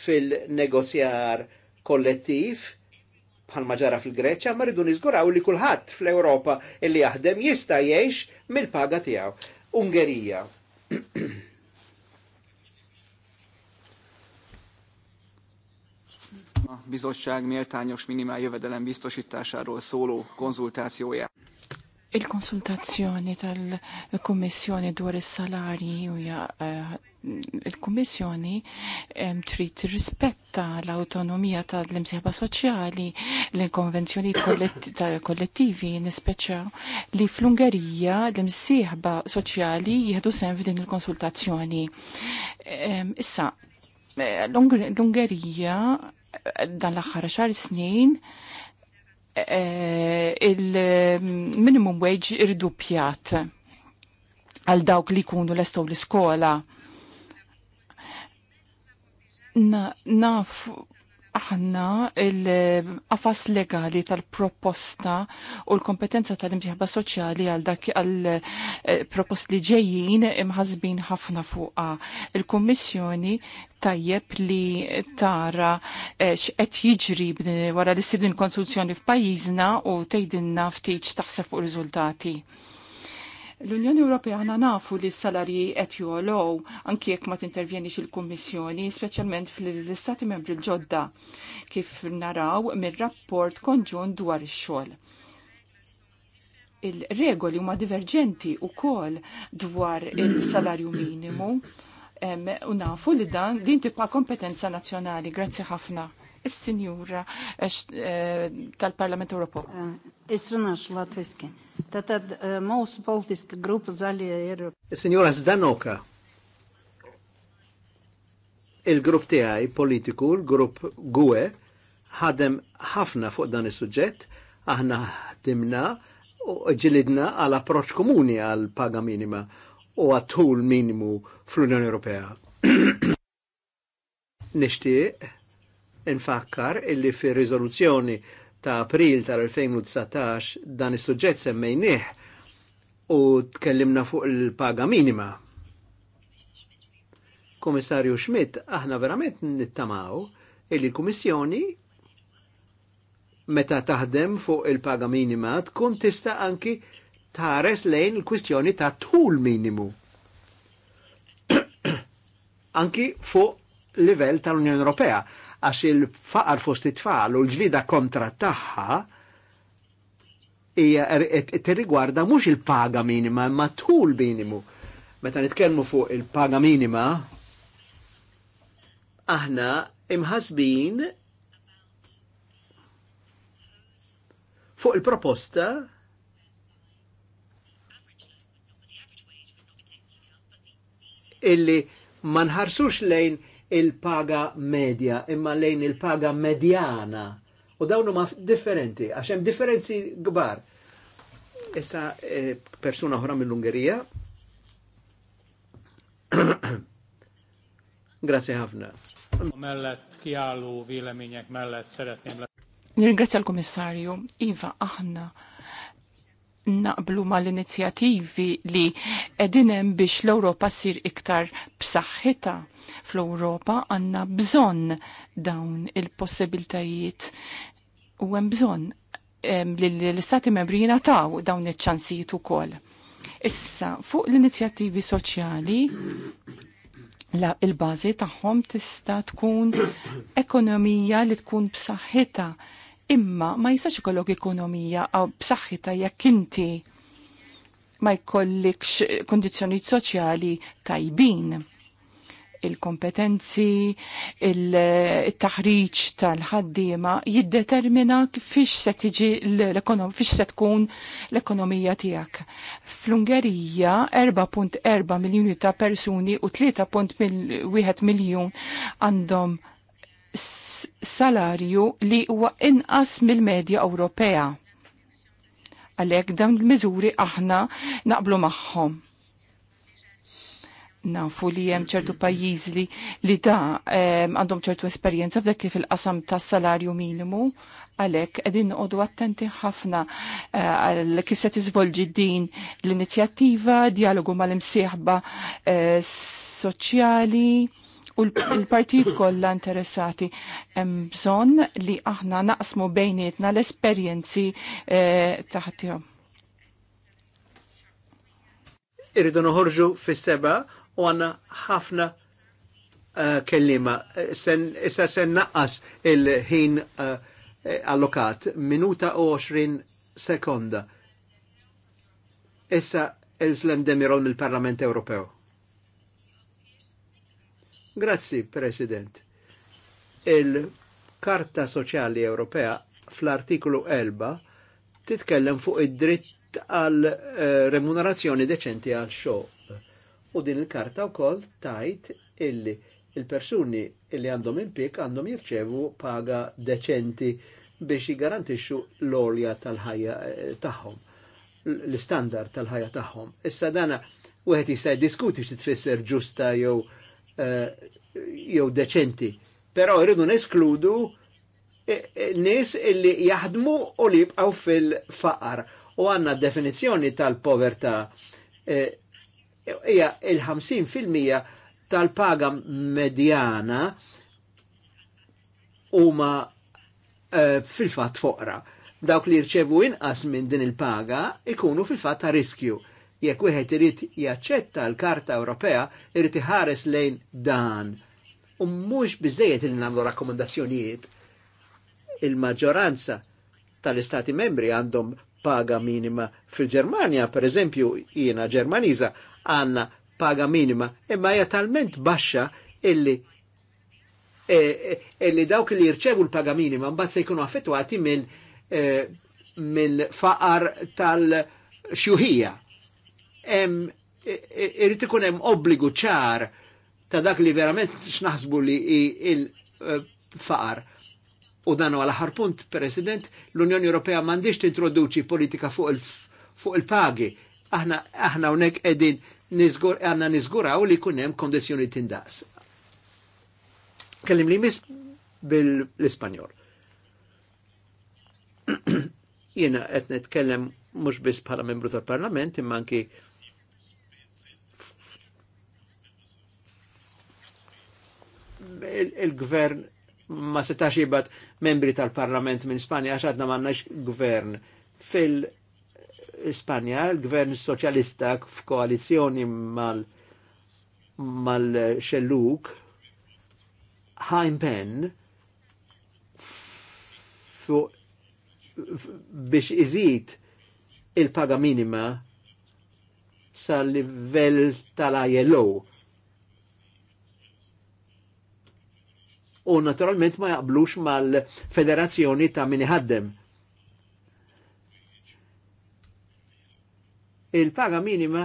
fil-negozjar kollettiv, bħal maġara fil-Greċja, ma rridu nizguraw li kulħadd fl-Ewropa illi jaħdem jista' jgħix mill-paga tiegħu. Ungerija. bizottság méltányos minimál jövedelem biztosításáról szóló konzultációja. Il-konsultazzjoni tal-Kummissjoni dwar is-salari u ja eh, il-Kummissjoni trid rispetta l-autonomija tal-imsieħba soċjali l-konvenzjoni kollettivi nispeċa li fl-Ungerija l-imsieħba soċjali jieħdu sem f'din il-konsultazzjoni. Issa, eh, l-Ungerija eh, dan l-axħar xar snin Eh, il-minimum mm, wage pjat għal dawk li kunu l-estow l-iskola. Naf aħna il-qafas legali tal-proposta u l-kompetenza tal-imġiħba soċjali għal dak għal eh, propost li ġejjin imħazbin ħafna fuqa. Il-Kommissjoni tajjeb li tara eh, x'qed jiġri wara li s din konsulzjoni f'pajjiżna u tgħidilna ftit x'taħseb fuq riżultati L-Unjoni Ewropea ħna nafu li s-salarji qed jolow anki jekk ma tintervjenix il-Kummissjoni, speċjalment fl-Istati Membri l-ġodda kif naraw mir-rapport konġun dwar ix-xogħol il-regoli huma diverġenti u kol dwar il-salarju minimu u nafu li dan din tibqa' kompetenza nazzjonali. Grazzi ħafna is-Sinjura eh, eh, tal-Parlament Ewropew. Eh, Is-Sunax Latviski. Tatad mos politisk Grupp Zali Europe. Is-Sinjura Zdanoka. Il-grupp tiegħi politiku, il-grupp GUE, ħadem ħafna fuq dan is-suġġett, aħna ħdimna u ġilidna għal approċ komuni għal paga minima u għattul minimu fl-Unjoni Ewropea. Nishtiq Infakkar illi fir riżoluzzjoni ta' april tal-2019 dan is-suġġett semmejnieh u tkellimna fuq il-paga minima. Komissarju Schmidt, aħna verament nittamaw illi l-Kummissjoni meta taħdem fuq il-paga minima tkun tista' anki tares lejn il-kwistjoni ta' tul minimu. anki fuq livell tal-Unjoni Ewropea għax il-faqar fost it-tfal u l-ġlida kontra taħħa er- t-rigwarda mux il-paga minima, ma tul minimu. Meta nitkelmu fuq il-paga minima, aħna imħasbin fuq il-proposta illi manħarsux lejn il-paga media, imma lejn il-paga medjana. U dawn huma differenti, għax hemm differenzi kbar. Issa e, persuna oħra mill-Ungerija. Grazie ħafna. Mellett kjalu vilemények mellett szeretném Nirringrazzja l-Komissarju, Iva, aħna naqblu mal-inizjativi li edinem biex l-Europa sir iktar b'saħħita fl-Europa għanna bżonn dawn il-possibiltajiet u hemm bżonn li l-istati membri jingħataw dawn iċ-ċansijiet ukoll. Issa, fuq l-inizjattivi soċjali, la il-bażi tagħhom tista' tkun ekonomija li tkun b'saħħitha Imma ma jistax ikollok ekonomija għaw b'saħħita jekk inti ma jkollikx kondizjoni soċjali tajbin il-kompetenzi, il-taħriġ tal-ħaddiema jiddetermina fiex se tiġi l fiex se tkun l-ekonomija tiegħek. Fl-Ungerija 4.4 miljuni ta' persuni u 3.1 miljun għandhom salarju li huwa inqas mill-medja Ewropea. Għalhekk dawn il-miżuri aħna naqblu magħhom nafu li hemm ċertu pajjiżli li da għandhom ċertu esperjenza f'dak kif il-qasam tas salarju minimu, għalhekk qegħdin noqogħdu attenti ħafna eh, għal kif se tiżvolġi din l-inizjattiva, dialogu mal-imsieħba eh, soċjali u l partijt kollha interessati hemm bżonn li aħna naqsmu bejnietna l-esperjenzi eh, taħtihom. Irridu noħorġu fis-seba u għandna ħafna eh, kellima. Issa sen naqqas il-ħin eh, allokat minuta u 20 sekonda. Issa Islam Demirol mill-Parlament Ewropew. Grazzi, President. Il-Karta Soċjali Ewropea fl artiklu 4 titkellem fuq id-dritt għal eh, remunerazzjoni deċenti għal xogħol. U din il-karta wkoll tajt illi il-persuni illi għandhom impik għandhom jirċevu paga deċenti biex jgarantixxu l olja tal-ħajja eh, tagħhom, l-istandard tal-ħajja tagħhom. Issa dana wieħed jista' jiddiskuti xi tfisser ġusta jew Eh, jew deċenti. Però rridu neskludu eh, eh, nis illi jaħdmu u li jibqaw fil-faqar. U għanna definizjoni tal-povertà hija il-50% tal-paga medjana huma fil-fatt foqra. Dawk li jirċevu inqas minn din il-paga ikunu fil-fatt ta' riskju jekk wieħed irid jaċċetta l-Karta Ewropea, irid iħares lejn dan. U mhux biżejjed li nagħmlu rakkomandazzjonijiet. Il-maġġoranza tal-Istati membri għandhom paga minima fil-Ġermanja, per eżempju, jiena Ġermaniża għandna paga minima, imma hija talment baxxa illi e, e, dawk li jirċevu l-paga minima mbagħad se jkunu affettwati mill e, mill-faqar tal-xjuħija E, e, irrid ikun hemm obbligu ċar ta' dak li verament x'naħsbu li il-faqar. E, U dan għal aħar punt, President, l-Unjoni Ewropea m'għandix tintroduċi politika fuq il-pagi. Aħna aħna hawnhekk qegħdin nizgur, għandna niżguraw li jkun hemm kondizzjoni tindaqs. Kellim li mis bil-Ispanjol. Jiena qed nitkellem mhux biss bħala membru tal-Parlament imma anki il-gvern ma setax jibat membri tal-parlament minn Spanja għax għadna mannax gvern. Fil-Spanja, il-gvern soċjalista f'koalizjoni mal-xelluk, ħajn Pen, biex iżid il-paga minima sal-livell tal-ILO u naturalment ma jaqblux mal-federazzjoni ta' min ħaddem. Il-paga minima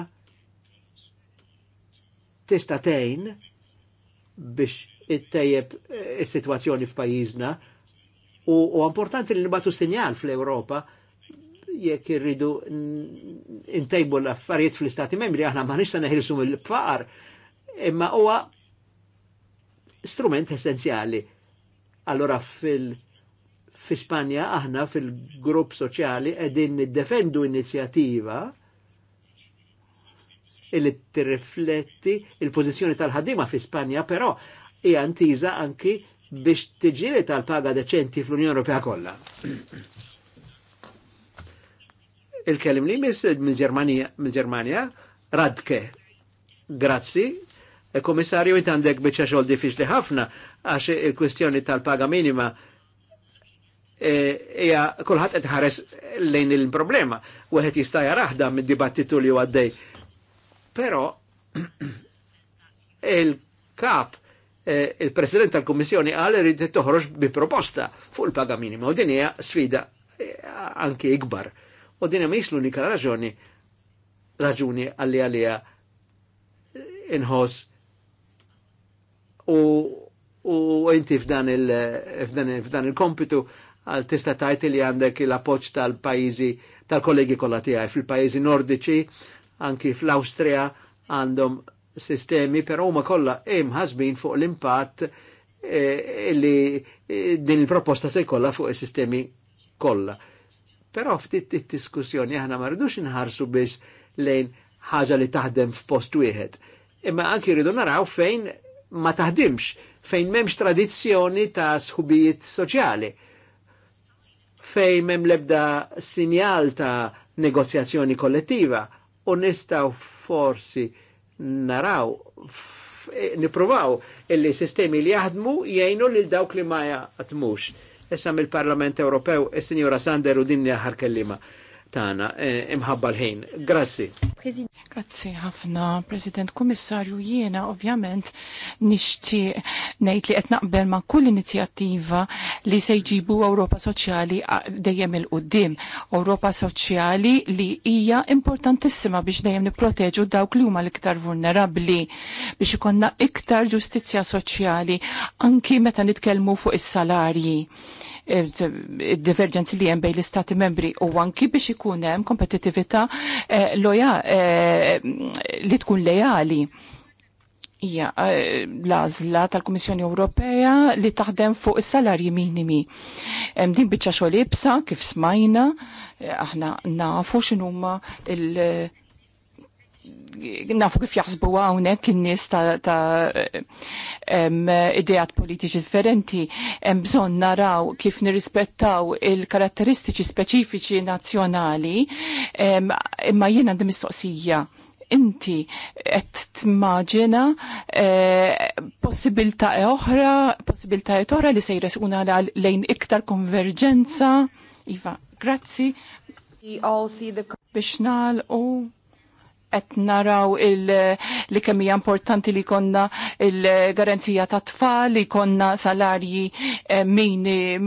tista' tgħin biex tejjeb eh, is-sitwazzjoni f'pajjiżna u, u importanti li nibatu sinjal fl-Ewropa jekk irridu intejbu l-affarijiet fl-istati membri aħna ma nista' neħilsu mill pfar imma huwa strument essenzjali. Allora fil- fi Spanja aħna fil-grupp soċjali edin defendu inizjattiva illi tirrifletti il-pożizzjoni tal-ħadima fi Spanja, però hija antiża anki biex tiġġieli tal-paga deċenti fl-Unjoni Ewropea kollha. Il-kelim li mis mill mill-Ġermanija, Radke. Grazzi, e Komissarju, jint għandek bieċa xol diffiċli ħafna għax il-kwestjoni tal-paga minima hija e, kulħadd qed ħares lejn il-problema. Wieħed jista' jaraħda mid-dibattitu li għaddej. Però il-kap e, il-President tal-Kummissjoni għal irid toħroġ bi proposta fuq il-paga minima u din hija sfida e, anki ikbar. U din mhix l-unika raġuni raġuni għalli għalija inħoss u u inti f'dan il-kompitu għal tista tajt li għandek l-appoċ tal-pajizi, tal-kollegi kollha tiegħi fil-pajjiżi nordiċi, anki fl-Awstrija għandhom sistemi, però huma kollha hemm ħażbin fuq l-impatt e, li e, din il-proposta se jkollha fuq is-sistemi kollha. Però ftit diskussjoni aħna ma rridux inħarsu biex lejn ħaġa li taħdem f'post wieħed. Imma anki rridu naraw fejn ma taħdimx fejn memx tradizzjoni ta' sħubijiet soċjali fejn mem lebda sinjal ta' negozjazzjoni kollettiva u nistaw forsi naraw nipruvaw illi sistemi li jaħdmu jgħinu lil dawk li ma jgħatmux. Issa mill-Parlament Ewropew, il sinjora Sander u din ħarkellima. kellima. Tana eh, imħabba l-ħin. Grazzi. Grazzi ħafna, President Kummissarju, jiena ovvjament nixtieq ngħid li qed naqbel ma' kull inizjattiva li se jġibu Ewropa Soċjali dejjem il-qudiem. Ewropa Soċjali li hija importantissima biex dejjem nipproteġu dawk li huma l-iktar vulnerabbli biex ikonna iktar ġustizzja soċjali anki meta nitkellmu fuq is-salarji il-divergenzi li hemm bejn l-istati membri u anki biex ikun hemm kompetittività eh, loja eh, li tkun lejali. Ija, eh, lażla tal-Kummissjoni Ewropea li taħdem fuq is-salarji minimi. Din biċċa xogħol ibsa kif smajna, aħna nafu x'inhuma il- nafu kif jaħsbu hawnhekk in-nies ta', ta ideat politiċi differenti, hemm bżonn naraw kif nirrispettaw il-karatteristiċi speċifiċi nazzjonali, imma jiena għandi mistoqsija inti qed timmaġina e, possibilità e oħra, possibilitajiet oħra li se jresquna lejn iktar konverġenza. Iva, grazzi. Biex nal u qed naraw li kemm hija importanti li konna il-garanzija ta' tfal li konna salarji eh,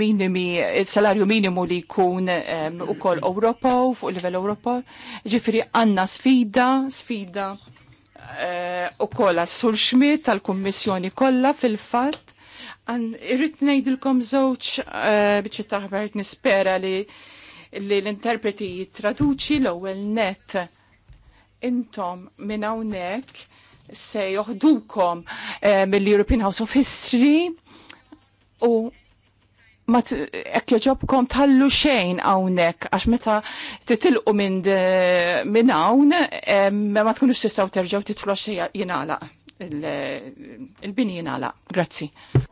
minimi, salarju minimu li jkun ukoll Ewropew fuq livell Ewropew. Ġifieri għandna sfida, sfida u eh, ukoll għas-Sur tal-Kummissjoni kollha fil-fatt. Irrid ngħidilkom żewġ biex eh, biċċi taħbar nispera li li l-interpreti jittraduċi l-ewwel net intom minn hawnhekk se joħdukom eh, mill-European House of History u mat ek joġobkom tallu xejn hawnhekk għax meta titilqu minn eh, min hawn eh, ma tkunux tistgħu terġgħu titflu xejn jingħalaq il-bini jingħalaq. Grazzi.